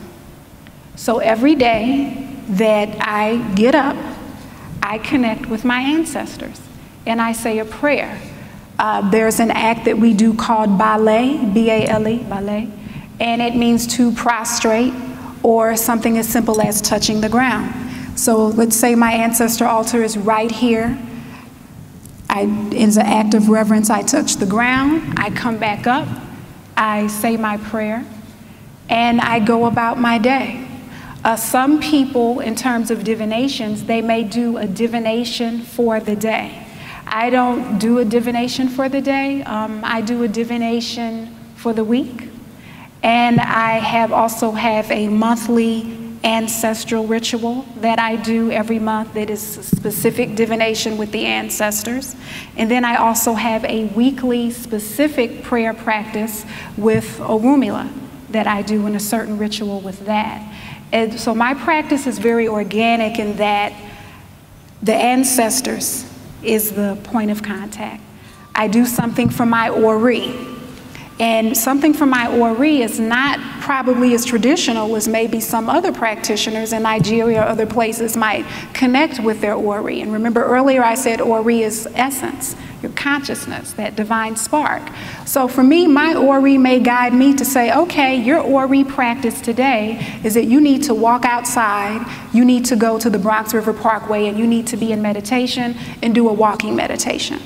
So every day that I get up, I connect with my ancestors and I say a prayer. Uh, there's an act that we do called ballet, B A L E, ballet, and it means to prostrate or something as simple as touching the ground. So let's say my ancestor altar is right here. I, as an act of reverence, I touch the ground, I come back up, I say my prayer, and I go about my day. Uh, some people, in terms of divinations, they may do a divination for the day. I don't do a divination for the day. Um, I do a divination for the week. And I have also have a monthly ancestral ritual that I do every month that is a specific divination with the ancestors. And then I also have a weekly specific prayer practice with Orumila that I do in a certain ritual with that. And so my practice is very organic in that the ancestors is the point of contact. I do something for my ori. And something for my ori is not probably as traditional as maybe some other practitioners in Nigeria or other places might connect with their ori. And remember earlier I said ori is essence your consciousness, that divine spark. So for me, my Ori may guide me to say, okay, your Ori practice today is that you need to walk outside, you need to go to the Bronx River Parkway, and you need to be in meditation and do a walking meditation.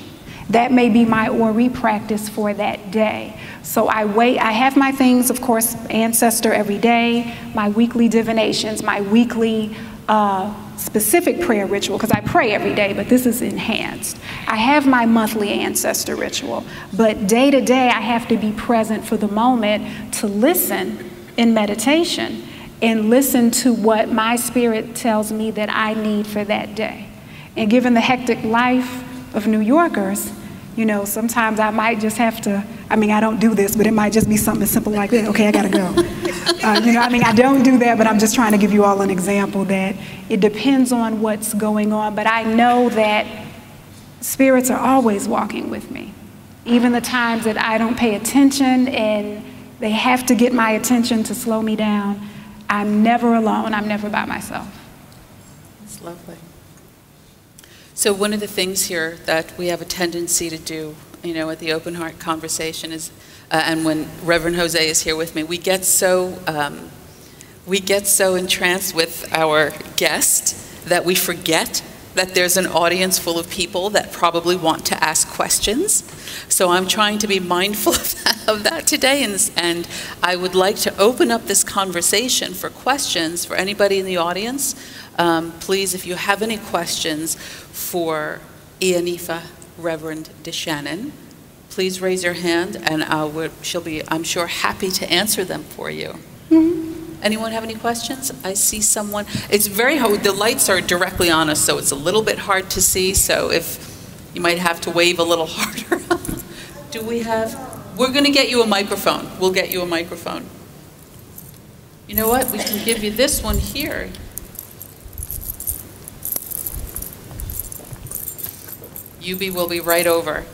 That may be my Ori practice for that day. So I wait, I have my things, of course, ancestor every day, my weekly divinations, my weekly uh, specific prayer ritual because I pray every day, but this is enhanced. I have my monthly ancestor ritual, but day to day I have to be present for the moment to listen in meditation and listen to what my spirit tells me that I need for that day. And given the hectic life of New Yorkers, you know, sometimes I might just have to, I mean, I don't do this, but it might just be something simple like that. Okay, I gotta go. [laughs] Uh, you know, I mean, I don't do that, but I'm just trying to give you all an example that it depends on what's going on. But I know that spirits are always walking with me. Even the times that I don't pay attention and they have to get my attention to slow me down, I'm never alone, I'm never by myself. It's lovely. So one of the things here that we have a tendency to do, you know, at the open heart conversation is, uh, and when Reverend Jose is here with me, we get so um, we get so entranced with our guest that we forget that there's an audience full of people that probably want to ask questions. So I'm trying to be mindful [laughs] of that, of that today, and, and I would like to open up this conversation for questions for anybody in the audience. Um, please, if you have any questions for Ianifa Reverend DeShannon, please raise your hand, and I would, she'll be, I'm sure, happy to answer them for you. Mm -hmm. Anyone have any questions? I see someone. It's very hard. The lights are directly on us, so it's a little bit hard to see. So if you might have to wave a little [laughs] harder. Do we have? We're going to get you a microphone. We'll get you a microphone. You know what? We can give you this one here. Ubi will be right over.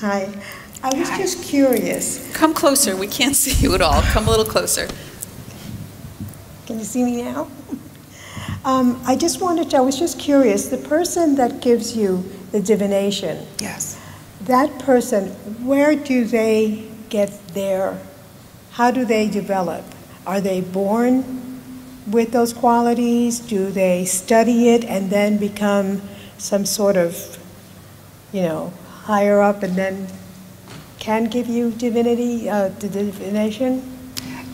Hi. I was just curious. Come closer. We can't [laughs] see you at all. Come a little closer. Can you see me now? Um, I just wanted to, I was just curious, the person that gives you the divination. Yes. That person, where do they get their, how do they develop? Are they born with those qualities? Do they study it and then become some sort of, you know, higher up and then can give you divinity, uh, divination?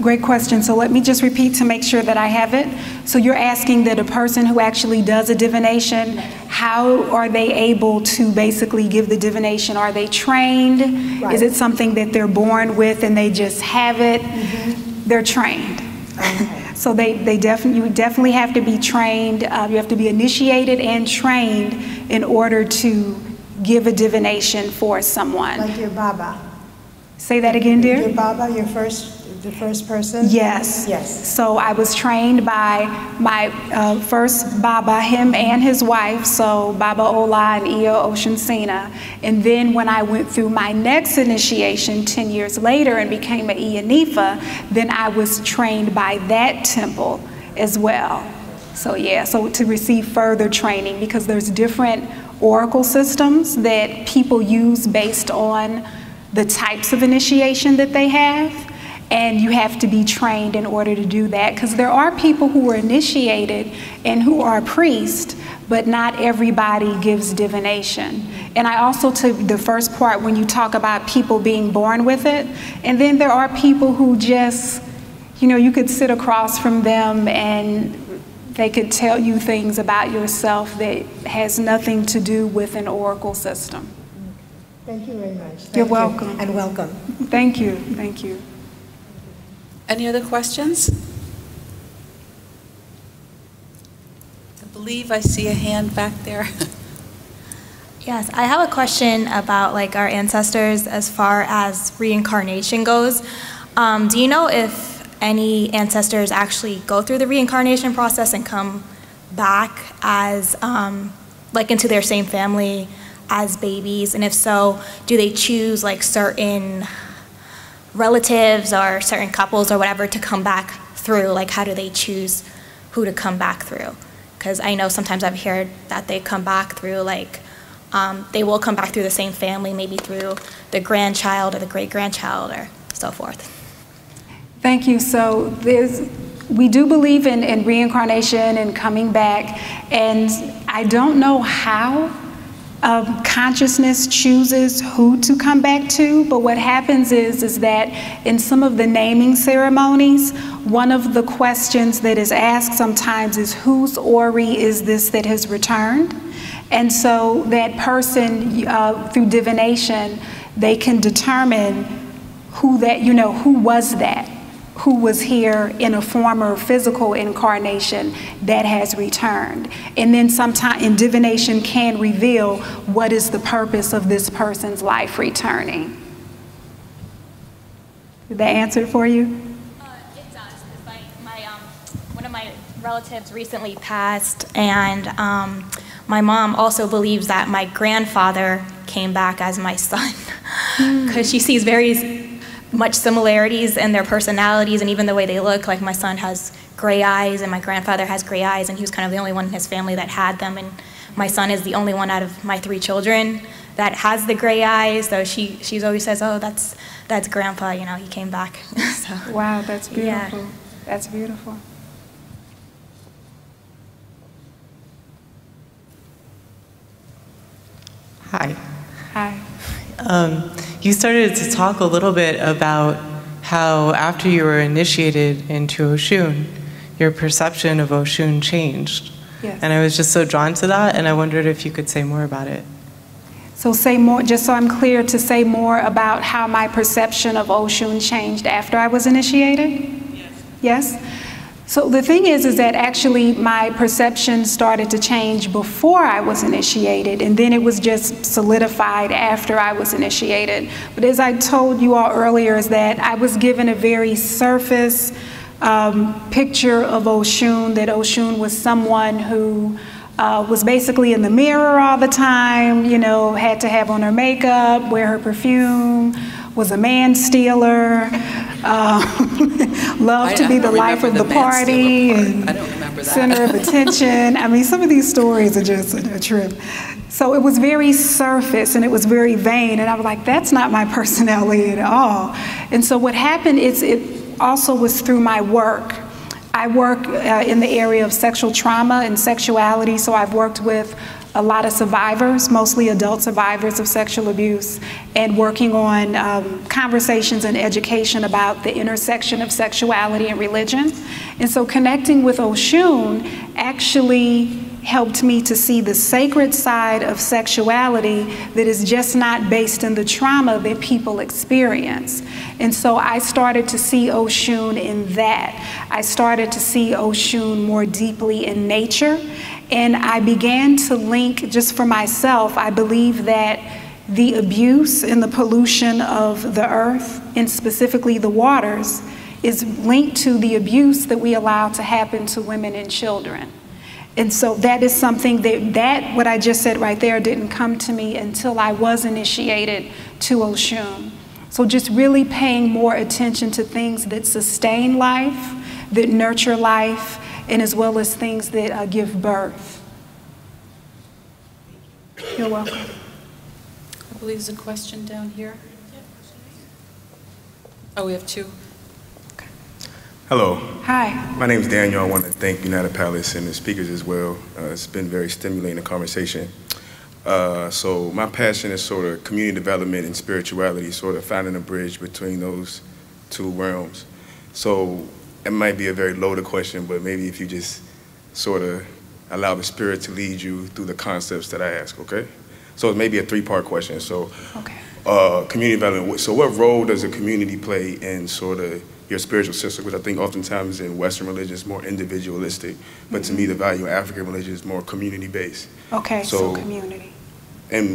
Great question. So let me just repeat to make sure that I have it. So you're asking that a person who actually does a divination, how are they able to basically give the divination? Are they trained? Right. Is it something that they're born with and they just have it? Mm-hmm. They're trained. Okay. so they, they definitely you definitely have to be trained. Uh, you have to be initiated and trained in order to give a divination for someone. Like your Baba. Say that again, dear. Your Baba, your first the first person? Yes. Yes. So I was trained by my uh, first Baba, him and his wife, so Baba Ola and Ia Oshinsina. And then when I went through my next initiation 10 years later and became an Ianifa, then I was trained by that temple as well. So yeah, so to receive further training because there's different oracle systems that people use based on the types of initiation that they have. And you have to be trained in order to do that because there are people who are initiated and who are priests, but not everybody gives divination. And I also took the first part when you talk about people being born with it. And then there are people who just, you know, you could sit across from them and they could tell you things about yourself that has nothing to do with an oracle system. Thank you very much. Thank You're welcome. You. And welcome. Thank you. Thank you. Any other questions? I believe I see a hand back there. [laughs] yes, I have a question about like our ancestors as far as reincarnation goes. Um, do you know if any ancestors actually go through the reincarnation process and come back as um, like into their same family as babies? And if so, do they choose like certain relatives or certain couples or whatever to come back through? Like, how do they choose who to come back through? Because I know sometimes I've heard that they come back through like um, they will come back through the same family, maybe through the grandchild or the great grandchild or so forth. Thank you. So there's, we do believe in, in reincarnation and coming back, and I don't know how um, consciousness chooses who to come back to, but what happens is, is that in some of the naming ceremonies, one of the questions that is asked sometimes is whose Ori is this that has returned? And so that person, uh, through divination, they can determine who that, you know, who was that? who was here in a former physical incarnation that has returned. And then sometimes in divination can reveal what is the purpose of this person's life returning. Did that answer for you? Uh, it does. My, my, um, one of my relatives recently passed and um, my mom also believes that my grandfather came back as my son because [laughs] mm. she sees very much similarities in their personalities and even the way they look. Like my son has gray eyes and my grandfather has gray eyes and he was kind of the only one in his family that had them and my son is the only one out of my three children that has the gray eyes. So she she always says, "Oh, that's that's grandpa, you know, he came back." [laughs] so Wow, that's beautiful. Yeah. That's beautiful. Hi. Hi. Um, you started to talk a little bit about how after you were initiated into Oshun, your perception of Oshun changed. Yes. And I was just so drawn to that, and I wondered if you could say more about it. So say more, just so I'm clear, to say more about how my perception of Oshun changed after I was initiated? Yes. yes? So the thing is, is that actually my perception started to change before I was initiated, and then it was just solidified after I was initiated. But as I told you all earlier, is that I was given a very surface um, picture of Oshun, that Oshun was someone who uh, was basically in the mirror all the time, you know, had to have on her makeup, wear her perfume, was a man stealer, uh, [laughs] loved to be the life of the, the party, and center of [laughs] attention. I mean, some of these stories are just a, a trip. So it was very surface and it was very vain, and I was like, that's not my [laughs] personality at all. And so what happened is it also was through my work. I work uh, in the area of sexual trauma and sexuality, so I've worked with a lot of survivors, mostly adult survivors of sexual abuse, and working on um, conversations and education about the intersection of sexuality and religion. And so connecting with Oshun actually helped me to see the sacred side of sexuality that is just not based in the trauma that people experience. And so I started to see Oshun in that. I started to see Oshun more deeply in nature and I began to link, just for myself, I believe that the abuse and the pollution of the earth, and specifically the waters, is linked to the abuse that we allow to happen to women and children. And so that is something that, that what I just said right there, didn't come to me until I was initiated to Oshun. So just really paying more attention to things that sustain life, that nurture life, and as well as things that uh, give birth. You're welcome. I believe there's a question down here. Oh, we have two. Okay. Hello. Hi. My name is Daniel. I want to thank United Palace and the speakers as well. Uh, it's been very stimulating conversation. Uh, so my passion is sort of community development and spirituality, sort of finding a bridge between those two realms. So it might be a very loaded question, but maybe if you just sort of allow the spirit to lead you through the concepts that I ask, okay? So it's maybe a three-part question. So, okay. uh, community development. So, what role does a community play in sort of your spiritual system? Which I think oftentimes in Western religion is more individualistic, but mm -hmm. to me, mm-hmm. the value of African religion is more community-based. Okay. So, so community. And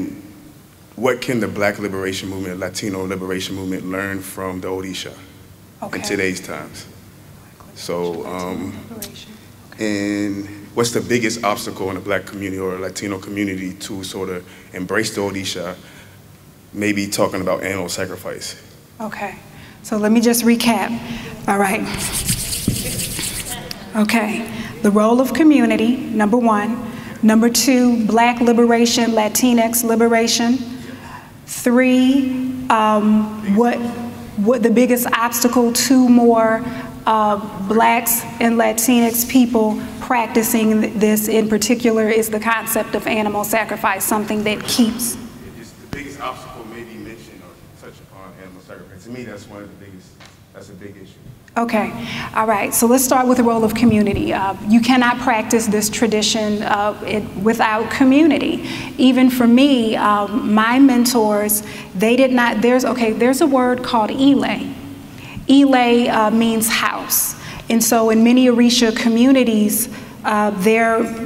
what can the Black liberation movement, Latino liberation movement, learn from the Odisha okay. in today's times? So, um, and what's the biggest obstacle in the black community or Latino community to sort of embrace the Odisha, maybe talking about animal sacrifice? Okay, so let me just recap. All right. Okay, the role of community, number one. Number two, black liberation, Latinx liberation. Three, um, what, what the biggest obstacle to more uh, blacks and Latinx people practicing this in particular is the concept of animal sacrifice, something that keeps. It's the biggest obstacle maybe mentioned or touched upon animal sacrifice. To me, that's one of the biggest, that's a big issue. Okay, all right, so let's start with the role of community. Uh, you cannot practice this tradition uh, it, without community. Even for me, um, my mentors, they did not, there's, okay, there's a word called elay Ile uh, means house. And so in many Orisha communities, uh,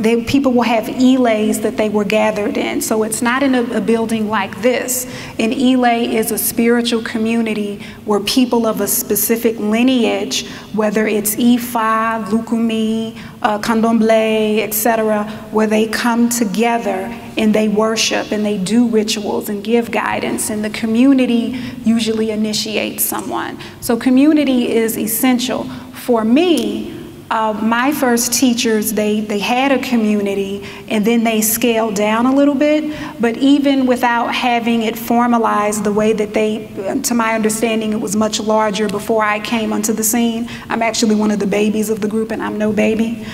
they, people will have elays that they were gathered in. So it's not in a, a, building like this. An elay is a spiritual community where people of a specific lineage, whether it's Ifa, Lukumi, uh, Candomblé, etc., where they come together and they worship and they do rituals and give guidance, and the community usually initiates someone. So community is essential. For me, uh, my first teachers, they, they had a community and then they scaled down a little bit, but even without having it formalized the way that they, to my understanding, it was much larger before I came onto the scene. I'm actually one of the babies of the group and I'm no baby.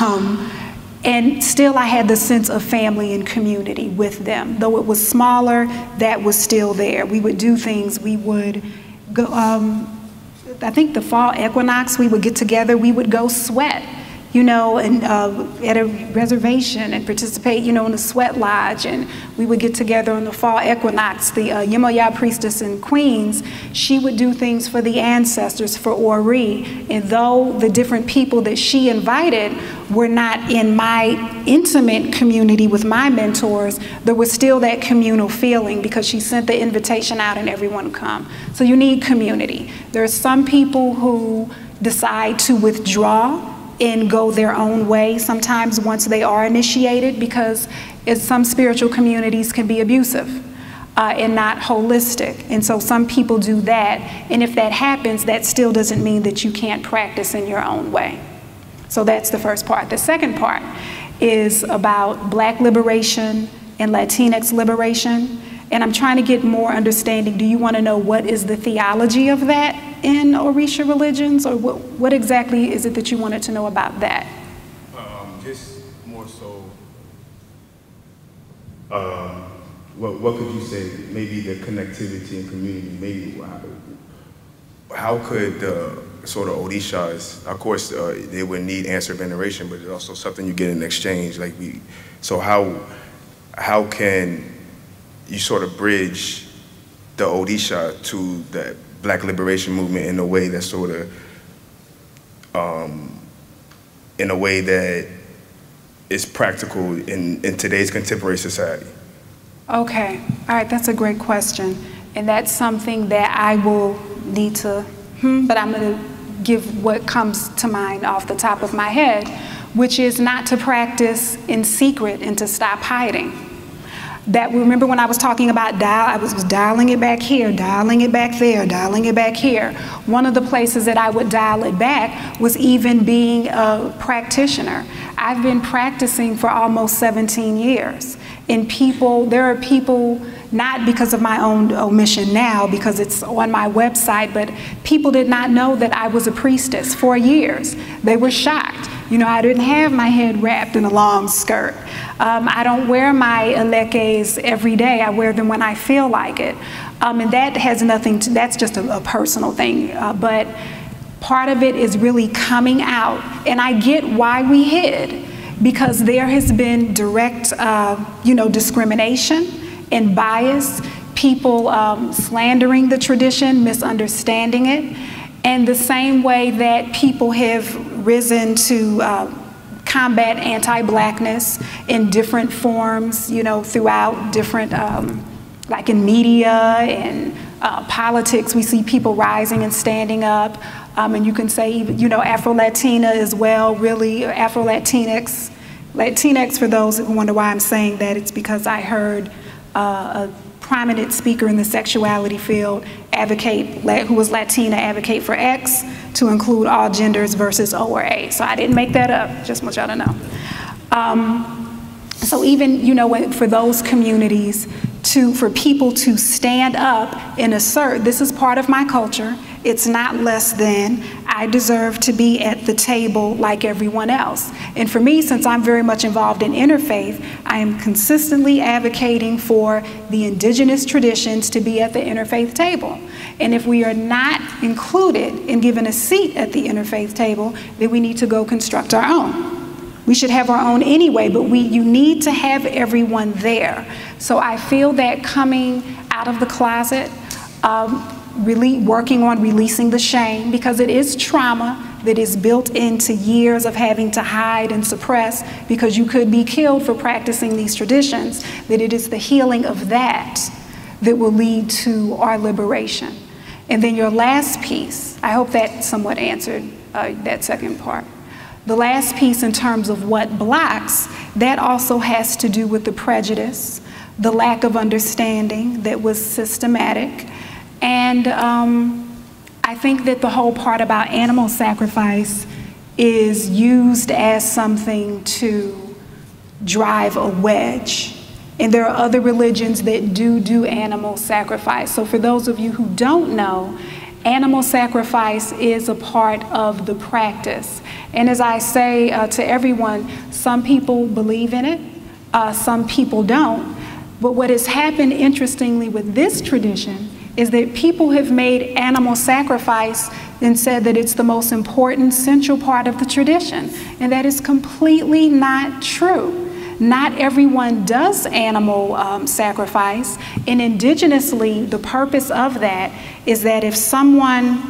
Um, and still, I had the sense of family and community with them. Though it was smaller, that was still there. We would do things, we would go, um, I think the fall equinox, we would get together, we would go sweat you know, and uh, at a reservation and participate, you know, in a sweat lodge. And we would get together on the fall equinox. The uh, priestess in Queens, she would do things for the ancestors, for Ori. And though the different people that she invited were not in my intimate community with my mentors, there was still that communal feeling because she sent the invitation out and everyone come. So you need community. There are some people who decide to withdraw and go their own way sometimes once they are initiated because some spiritual communities can be abusive. Uh, and not holistic. And so some people do that. And if that happens, that still doesn't mean that you can't practice in your own way. So that's the first part. The second part is about black liberation and Latinx liberation. And I'm trying to get more understanding. Do you want to know what is the theology of that? in Orisha religions, or what, what exactly is it that you wanted to know about that? Um, just more so, um, what, what could you say, maybe the connectivity and community, maybe how, how could the sort of Orishas, of course, uh, they would need answer veneration, but it's also something you get in exchange. Like we, so how, how can you sort of bridge the Odisha to the black liberation movement in a way that sort of, um, in a way that is practical in, in today's contemporary society? Okay, all right, that's a great question. And that's something that I will need to, hmm, but I'm gonna give what comes to mind off the top of my head, which is not to practice in secret and to stop hiding that remember when I was talking about dial, I was, was, dialing it back here, dialing it back there, dialing it back here. One of the places that I would dial it back was even being a practitioner. I've been practicing for almost 17 years. And people, there are people, not because of my own omission now, because it's on my website, but people did not know that I was a priestess for years. They were shocked you know, I didn't have my head wrapped in a long skirt. Um, I don't wear my elekes every day. I wear them when I feel like it. Um, and that has nothing to, that's just a, a personal thing. Uh, but part of it is really coming out. And I get why we hid, because there has been direct, uh, you know, discrimination and bias, people um, slandering the tradition, misunderstanding it. And the same way that people have risen to uh, combat anti-blackness in different forms, you know, throughout different, um, like in media and uh, politics, we see people rising and standing up. Um, and you can say, you know, Afro-Latina as well, really, Afro-Latinx. Latinx, for those who wonder why I'm saying that, it's because I heard uh, a prominent speaker in the sexuality field advocate, who was Latina, advocate for X to include all genders versus O or A. So I didn't make that up, just want y'all to know. Um, so even, you know, for those communities, to, for people to stand up and assert, this is part of my culture, it's not less than I deserve to be at the table like everyone else. And for me, since I'm very much involved in interfaith, I am consistently advocating for the indigenous traditions to be at the interfaith table. And if we are not included and given a seat at the interfaith table, then we need to go construct our own. We should have our own anyway, but we, you need to have everyone there. So I feel that coming out of the closet, um, really working on releasing the shame because it is trauma that is built into years of having to hide and suppress because you could be killed for practicing these traditions, that it is the healing of that that will lead to our liberation. And then your last piece, I hope that somewhat answered uh, that second part. The last piece, in terms of what blocks, that also has to do with the prejudice, the lack of understanding that was systematic, and um, I think that the whole part about animal sacrifice is used as something to drive a wedge. And there are other religions that do do animal sacrifice. So for those of you who don't know, animal sacrifice is a part of the practice. And as I say uh, to everyone, some people believe in it, uh, some people don't. But what has happened, interestingly, with this tradition is that people have made animal sacrifice and said that it's the most important, central part of the tradition. And that is completely not true. Not everyone does animal um, sacrifice. And indigenously, the purpose of that is that if someone,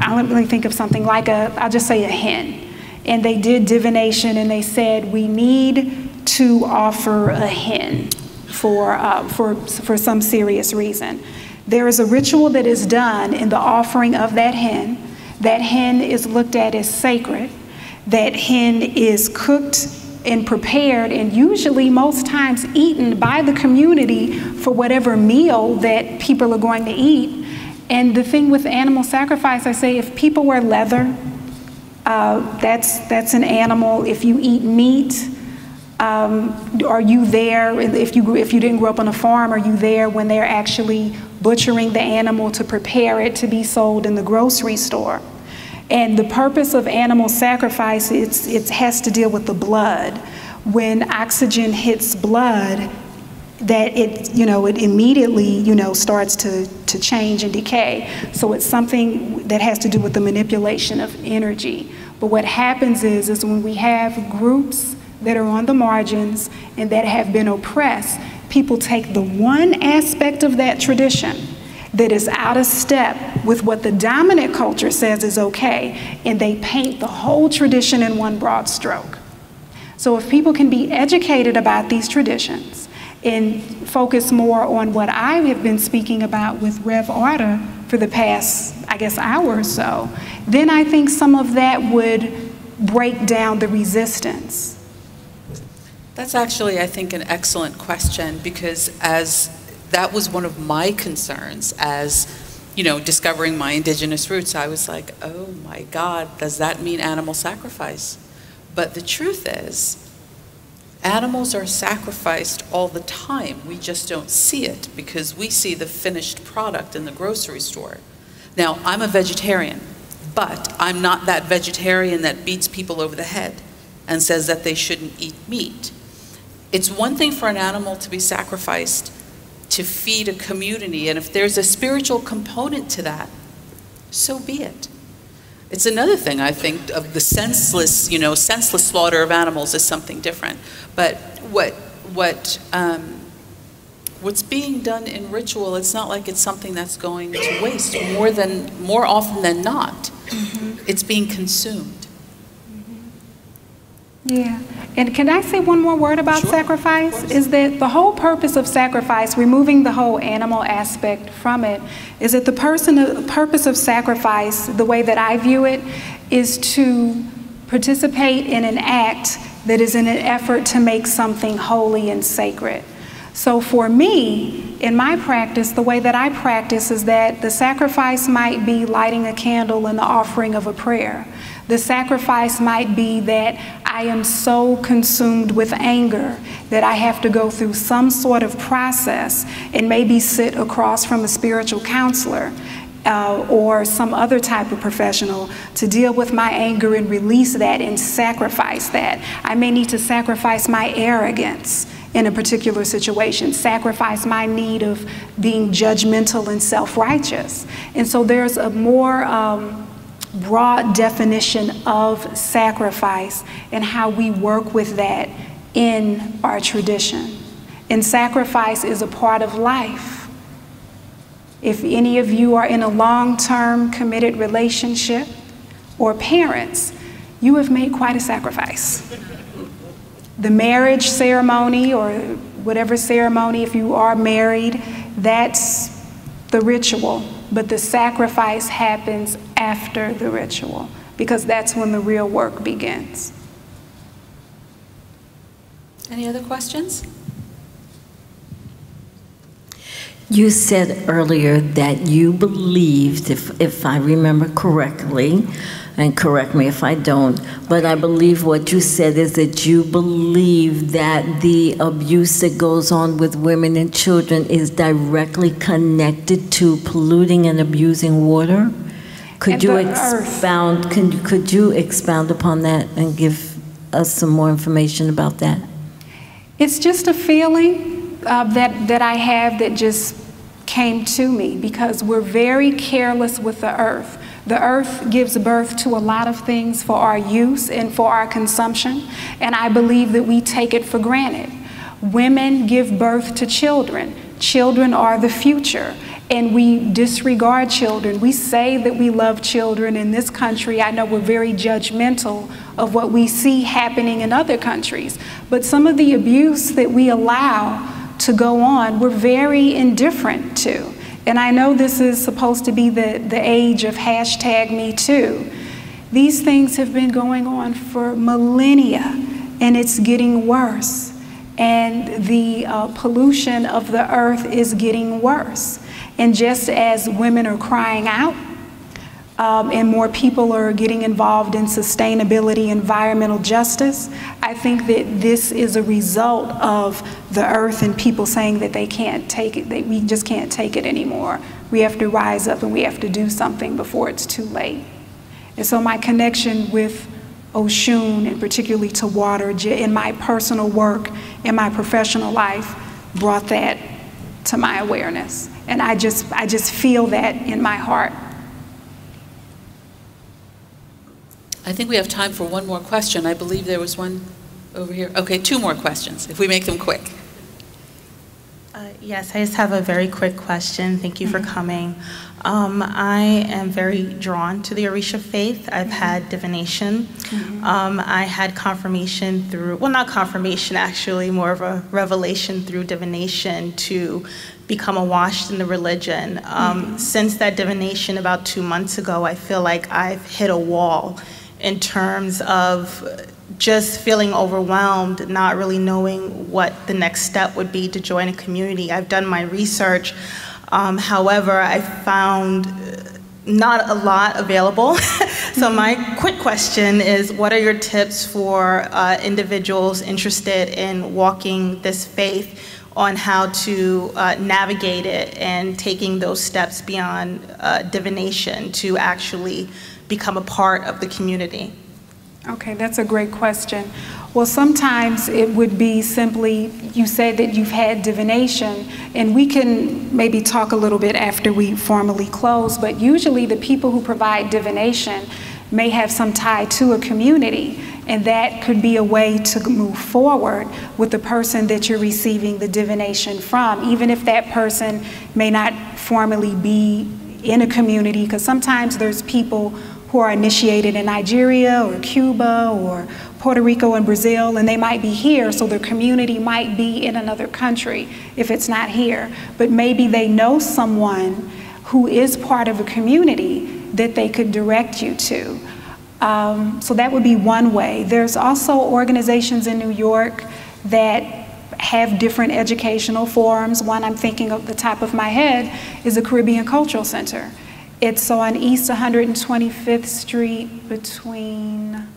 I uh, let me think of something like a, I'll just say a hen, and they did divination and they said, we need to offer a hen for, uh, for, for some serious reason. There is a ritual that is done in the offering of that hen. That hen is looked at as sacred. That hen is cooked and prepared and usually most times eaten by the community for whatever meal that people are going to eat. And the thing with animal sacrifice, I say if people wear leather, uh, that's, that's an animal. If you eat meat, um, are you there? If you, if you didn't grow up on a farm, are you there when they're actually butchering the animal to prepare it to be sold in the grocery store. And the purpose of animal sacrifice it's, it has to deal with the blood. When oxygen hits blood, that it you know it immediately you know starts to to change and decay. So it's something that has to do with the manipulation of energy. But what happens is is when we have groups that are on the margins and that have been oppressed, people take the one aspect of that tradition that is out of step with what the dominant culture says is okay, and they paint the whole tradition in one broad stroke. So if people can be educated about these traditions and focus more on what I have been speaking about with Rev Arda for the past, I guess, hour or so, then I think some of that would break down the resistance that's actually, I think, an excellent question because as that was one of my concerns as you know, discovering my indigenous roots, I was like, oh my God, does that mean animal sacrifice? But the truth is, animals are sacrificed all the time. We just don't see it because we see the finished product in the grocery store. Now, I'm a vegetarian, but I'm not that vegetarian that beats people over the head and says that they shouldn't eat meat. It's one thing for an animal to be sacrificed to feed a community, and if there's a spiritual component to that, so be it. It's another thing I think of the senseless, you know, senseless slaughter of animals is something different. But what what um, what's being done in ritual, it's not like it's something that's going to waste. More than more often than not, mm -hmm. it's being consumed. Mm -hmm. Yeah. And can I say one more word about sure, sacrifice? Is that the whole purpose of sacrifice, removing the whole animal aspect from it, is that the person, purpose of sacrifice, the way that I view it, is to participate in an act that is in an effort to make something holy and sacred. So for me, in my practice, the way that I practice is that the sacrifice might be lighting a candle and the offering of a prayer. The sacrifice might be that I am so consumed with anger that I have to go through some sort of process and maybe sit across from a spiritual counselor uh, or some other type of professional to deal with my anger and release that and sacrifice that. I may need to sacrifice my arrogance in a particular situation, sacrifice my need of being judgmental and self righteous. And so there's a more um, broad definition of sacrifice and how we work with that in our tradition. And sacrifice is a part of life. If any of you are in a long term committed relationship or parents, you have made quite a sacrifice. The marriage ceremony or whatever ceremony, if you are married, that's the ritual but the sacrifice happens after the ritual because that's when the real work begins. Any other questions? You said earlier that you believed, if, if I remember correctly, and correct me if I don't, but I believe what you said is that you believe that the abuse that goes on with women and children is directly connected to polluting and abusing water. Could and you expound? Can, could you expound upon that and give us some more information about that? It's just a feeling uh, that that I have that just came to me because we're very careless with the earth. The earth gives birth to a lot of things for our use and for our consumption, and I believe that we take it for granted. Women give birth to children. Children are the future, and we disregard children. We say that we love children in this country. I know we're very judgmental of what we see happening in other countries, but some of the abuse that we allow to go on, we're very indifferent to. And I know this is supposed to be the, the age of hashtag me too. These things have been going on for millennia, and it's getting worse. And the uh, pollution of the earth is getting worse. And just as women are crying out um, and more people are getting involved in sustainability, environmental justice, I think that this is a result of the earth and people saying that they can't take it, that we just can't take it anymore. We have to rise up and we have to do something before it's too late. And so my connection with Oshun and particularly to water in my personal work, in my professional life, brought that to my awareness. And I just, I just feel that in my heart. I think we have time for one more question. I believe there was one over here. Okay, two more questions, if we make them quick. Uh, yes, I just have a very quick question. Thank you for mm-hmm. coming. Um, I am very drawn to the Orisha faith. I've mm-hmm. had divination. Mm-hmm. Um, I had confirmation through, well, not confirmation, actually, more of a revelation through divination to become awashed in the religion. Um, mm -hmm. Since that divination about two months ago, I feel like I've hit a wall in terms of just feeling overwhelmed, not really knowing what the next step would be to join a community. I've done my research. Um, however, I found not a lot available. [laughs] so my quick question is, what are your tips for uh, individuals interested in walking this faith on how to uh, navigate it and taking those steps beyond uh, divination to actually become a part of the community? Okay, that's a great question. Well, sometimes it would be simply you said that you've had divination, and we can maybe talk a little bit after we formally close, but usually the people who provide divination may have some tie to a community, and that could be a way to move forward with the person that you're receiving the divination from, even if that person may not formally be in a community, because sometimes there's people who are initiated in Nigeria or Cuba or Puerto Rico and Brazil, and they might be here, so their community might be in another country if it's not here. But maybe they know someone who is part of a community that they could direct you to. Um, so that would be one way. There's also organizations in New York that have different educational forums. One I'm thinking of the top of my head is the Caribbean Cultural Center. It's on East 125th Street between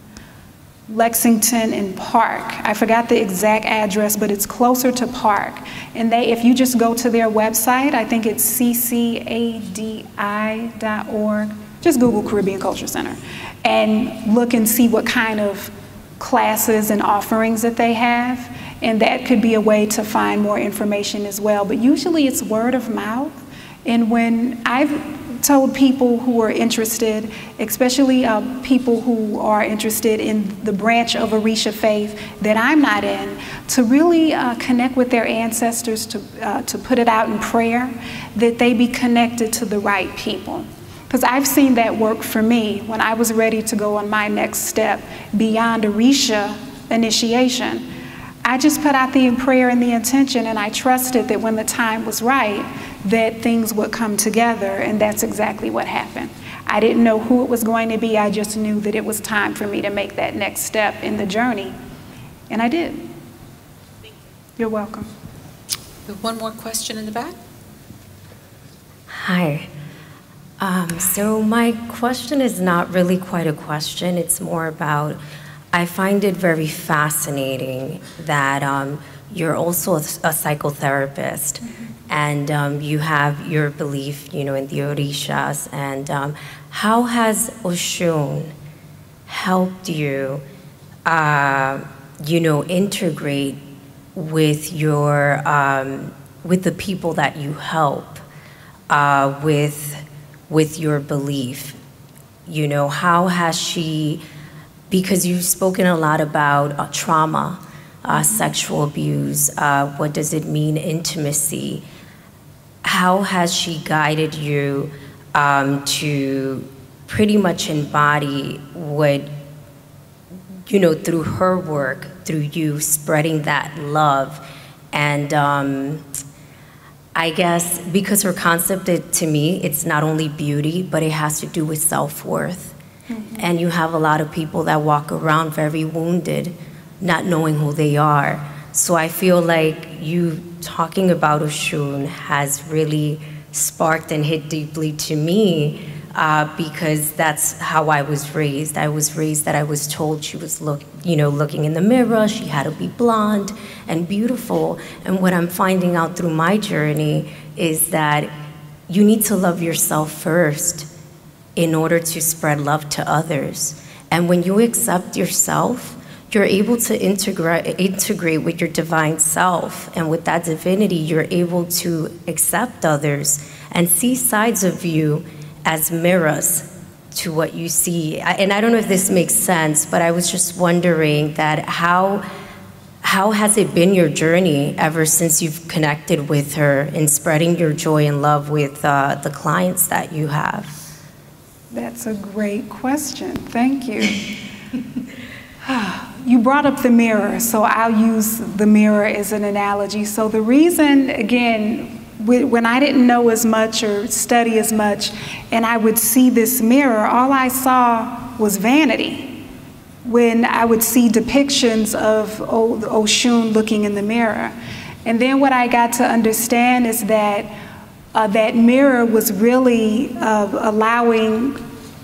Lexington and Park. I forgot the exact address, but it's closer to Park. And they, if you just go to their website, I think it's ccadi.org. Just Google Caribbean Culture Center and look and see what kind of classes and offerings that they have. And that could be a way to find more information as well. But usually it's word of mouth. And when I've told people who are interested, especially uh, people who are interested in the branch of Orisha faith that I'm not in, to really uh, connect with their ancestors, to, uh, to put it out in prayer, that they be connected to the right people. Because I've seen that work for me when I was ready to go on my next step beyond Orisha initiation. I just put out the prayer and the intention, and I trusted that when the time was right, that things would come together, and that's exactly what happened. I didn't know who it was going to be, I just knew that it was time for me to make that next step in the journey, and I did. You. are welcome. One more question in the back. Hi. Um, so my question is not really quite a question. It's more about I find it very fascinating that um, you're also a, a psychotherapist. Mm -hmm and um, you have your belief, you know, in the Orishas. And um, how has Oshun helped you, uh, you know, integrate with your um, with the people that you help uh, with with your belief? You know, how has she? Because you've spoken a lot about uh, trauma, uh, mm-hmm. sexual abuse. Uh, what does it mean, intimacy? how has she guided you um, to pretty much embody what, you know, through her work, through you spreading that love? And um, I guess because her concept, it, to me, it's not only beauty, but it has to do with self worth. Mm -hmm. And you have a lot of people that walk around very wounded, not knowing who they are. So I feel like you talking about Oshun has really sparked and hit deeply to me uh, because that's how I was raised. I was raised that I was told she was look, you know, looking in the mirror, she had to be blonde and beautiful. And what I'm finding out through my journey is that you need to love yourself first in order to spread love to others. And when you accept yourself, you're able to integrate, integrate with your divine self. And with that divinity, you're able to accept others and see sides of you as mirrors to what you see. And I don't know if this makes sense, but I was just wondering that how how has it been your journey ever since you've connected with her in spreading your joy and love with uh, the clients that you have? That's a great question. Thank you. [laughs] You brought up the mirror, so I'll use the mirror as an analogy. So the reason, again, when I didn't know as much or study as much, and I would see this mirror, all I saw was vanity. When I would see depictions of o Oshun looking in the mirror. And then what I got to understand is that uh, that mirror was really uh, allowing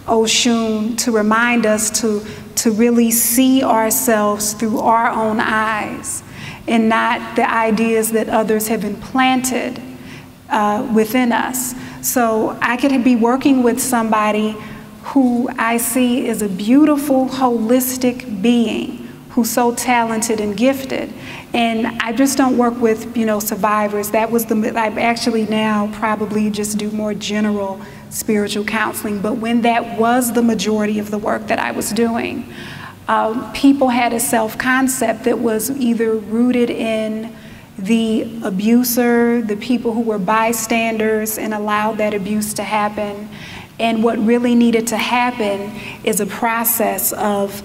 Oshun to remind us to to really see ourselves through our own eyes and not the ideas that others have implanted uh, within us. So I could be working with somebody who I see is a beautiful, holistic being who's so talented and gifted. And I just don't work with, you know, survivors. That was the, I actually now probably just do more general spiritual counseling, but when that was the majority of the work that I was doing, um, people had a self concept that was either rooted in the abuser, the people who were bystanders and allowed that abuse to happen. And what really needed to happen is a process of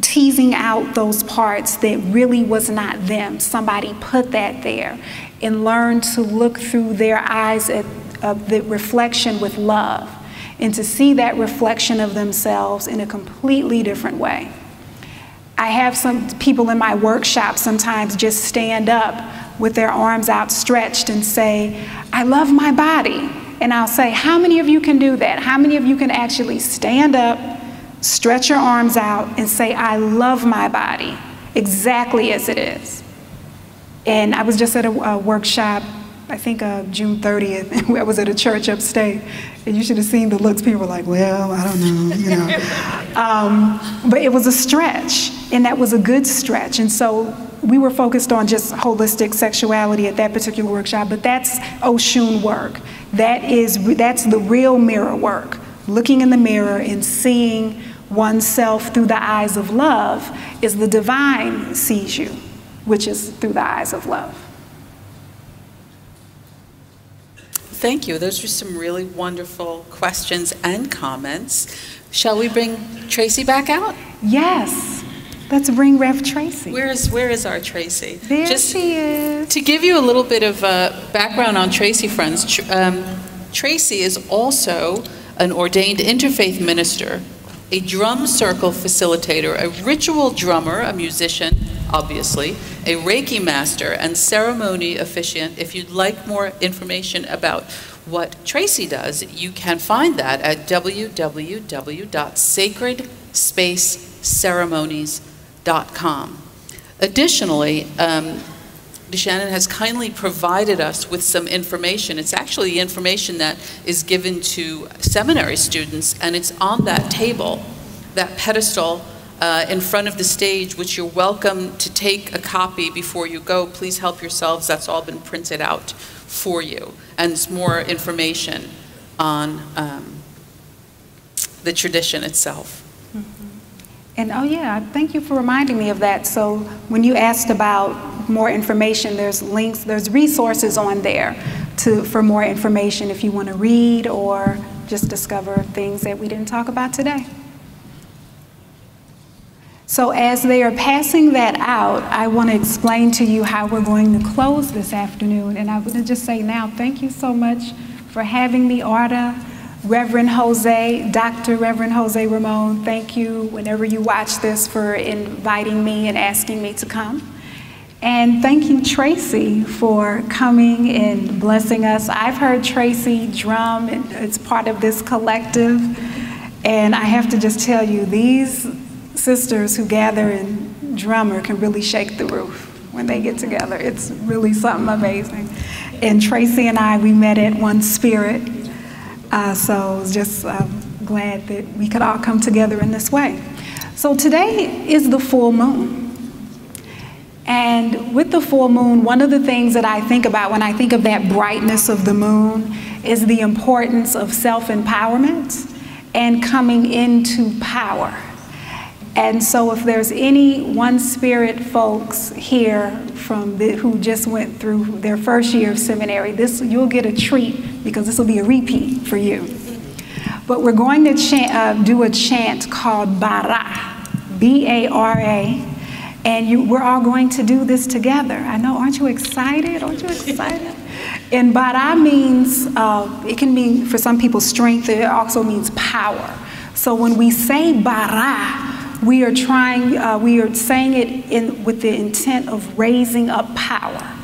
teasing out those parts that really was not them. Somebody put that there and learn to look through their eyes at of the reflection with love and to see that reflection of themselves in a completely different way. I have some people in my workshop sometimes just stand up with their arms outstretched and say, I love my body. And I'll say, How many of you can do that? How many of you can actually stand up, stretch your arms out, and say, I love my body exactly as it is? And I was just at a, a workshop I think uh, June 30th, [laughs] I was at a church upstate, and you should have seen the looks. People were like, well, I don't know, you know. [laughs] um, but it was a stretch, and that was a good stretch. And so we were focused on just holistic sexuality at that particular workshop, but that's Oshun work. That is, that's the real mirror work, looking in the mirror and seeing oneself through the eyes of love is the divine sees you, which is through the eyes of love. Thank you. Those were some really wonderful questions and comments. Shall we bring Tracy back out? Yes. Let's bring Rev Tracy. Where is where is our Tracy? There Just she is. To give you a little bit of uh, background on Tracy, friends, um, Tracy is also an ordained interfaith minister, a drum circle facilitator, a ritual drummer, a musician, obviously, a Reiki master and ceremony officiant. If you'd like more information about what Tracy does, you can find that at www.sacredspaceceremonies.com. Additionally, um, Shannon has kindly provided us with some information. It's actually information that is given to seminary students, and it's on that table, that pedestal uh, in front of the stage, which you're welcome to take a copy before you go. Please help yourselves. That's all been printed out for you. And it's more information on um, the tradition itself. Mm-hmm. And oh yeah, thank you for reminding me of that. So when you asked about more information, there's links, there's resources on there to, for more information if you want to read or just discover things that we didn't talk about today. So as they are passing that out, I want to explain to you how we're going to close this afternoon. And I want to just say now, thank you so much for having me, Arda, Reverend Jose, Dr. Reverend Jose Ramon. Thank you, whenever you watch this, for inviting me and asking me to come. And thank you, Tracy, for coming and blessing us. I've heard Tracy drum, it's part of this collective. And I have to just tell you, these sisters who gather in Drummer can really shake the roof when they get together. It's really something amazing. And Tracy and I, we met at One Spirit. Uh, so just uh, glad that we could all come together in this way. So today is the full moon. And with the full moon, one of the things that I think about when I think of that brightness of the moon is the importance of self empowerment and coming into power. And so, if there's any one spirit folks here from the, who just went through their first year of seminary, this you'll get a treat because this will be a repeat for you. But we're going to uh, do a chant called Bara, B A R A, and you, we're all going to do this together. I know, aren't you excited? Aren't you excited? and Bara means uh, it can mean for some people strength. It also means power. So when we say Bara we are trying, uh, we are saying it in, with the intent of raising up power.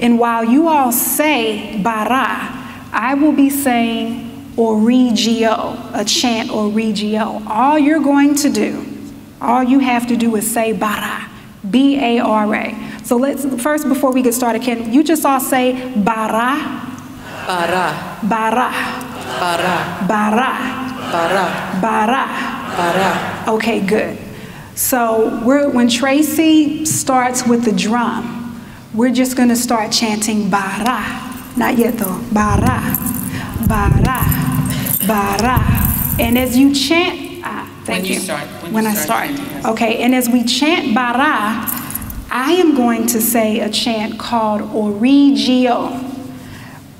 And while you all say bara, I will be saying origio, a chant origio. All you're going to do, all you have to do is say bara, B A R A. So let's first, before we get started, can you just all say bara? Bara. Bara. Bara. Bara. Bara. Bara. bara. Para. Okay, good. So when Tracy starts with the drum, we're just going to start chanting bara. Not yet though. Bara, bara, bara. And as you chant, ah, thank when you. you. Start, when, when you I start. start. Okay, and as we chant bara, I am going to say a chant called Origio.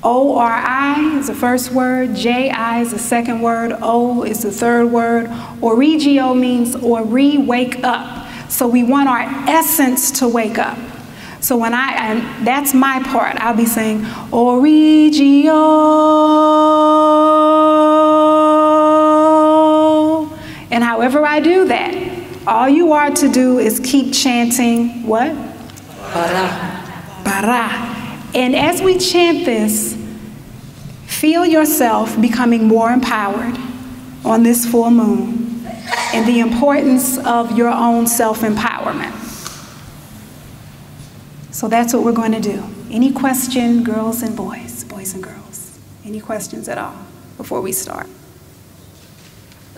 O-R-I is the first word, J-I is the second word, O is the third word. Origio means or re-wake up. So we want our essence to wake up. So when I, and that's my part, I'll be saying, Origio. Oh, and however I do that, all you are to do is keep chanting what? Para. Para. And as we chant this, feel yourself becoming more empowered on this full moon and the importance of your own self empowerment. So that's what we're going to do. Any question, girls and boys, boys and girls? Any questions at all before we start?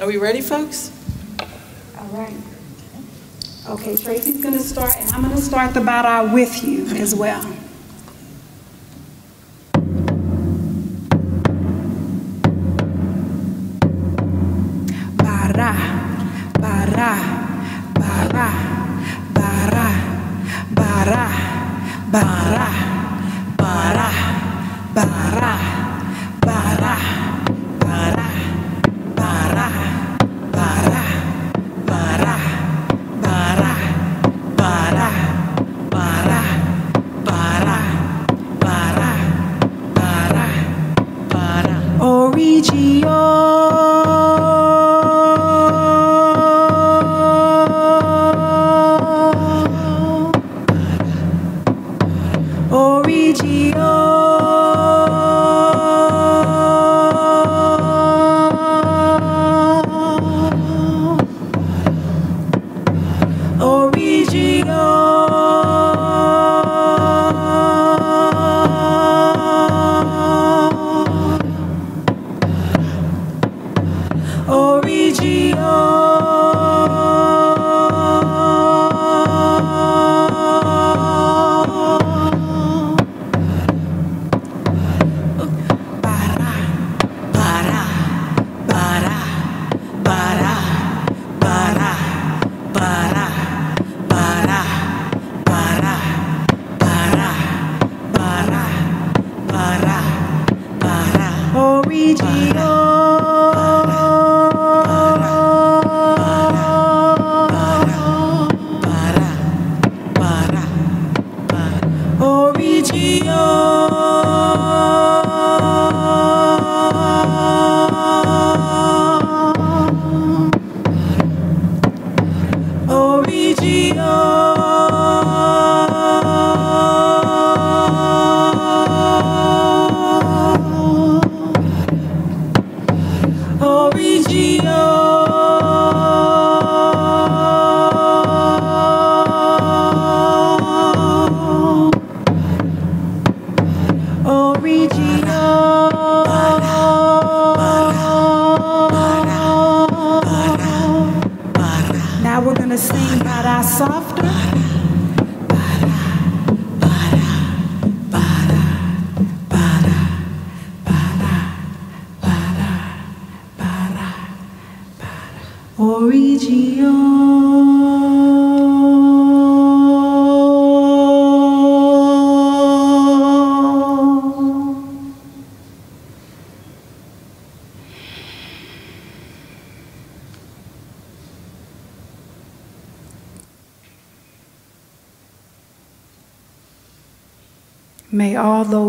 Are we ready, folks? All right. Okay, Tracy's going to start, and I'm going to start the bada with you as well. Barra. lady.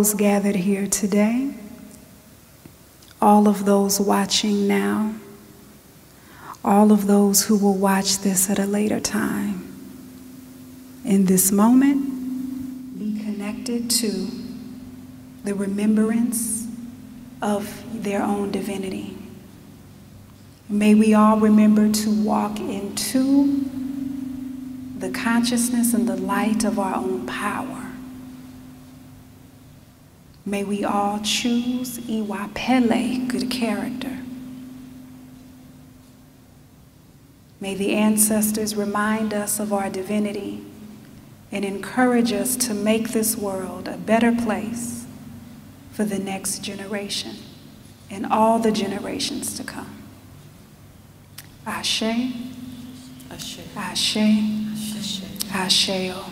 those gathered here today, all of those watching now, all of those who will watch this at a later time. In this moment, be connected to the remembrance of their own divinity. May we all remember to walk into the consciousness and the light of our own power. May we all choose Iwapele, good character. May the ancestors remind us of our divinity and encourage us to make this world a better place for the next generation and all the generations to come. Ashe, Ashe, Ashe, Ashe, Ashe. Ashe.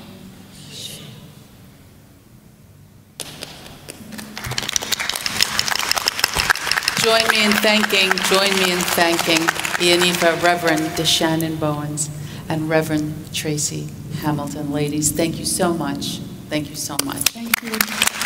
Join me in thanking, join me in thanking the Aniva Reverend DeShannon Bowens, and Reverend Tracy Hamilton. Ladies, thank you so much. Thank you so much. Thank you.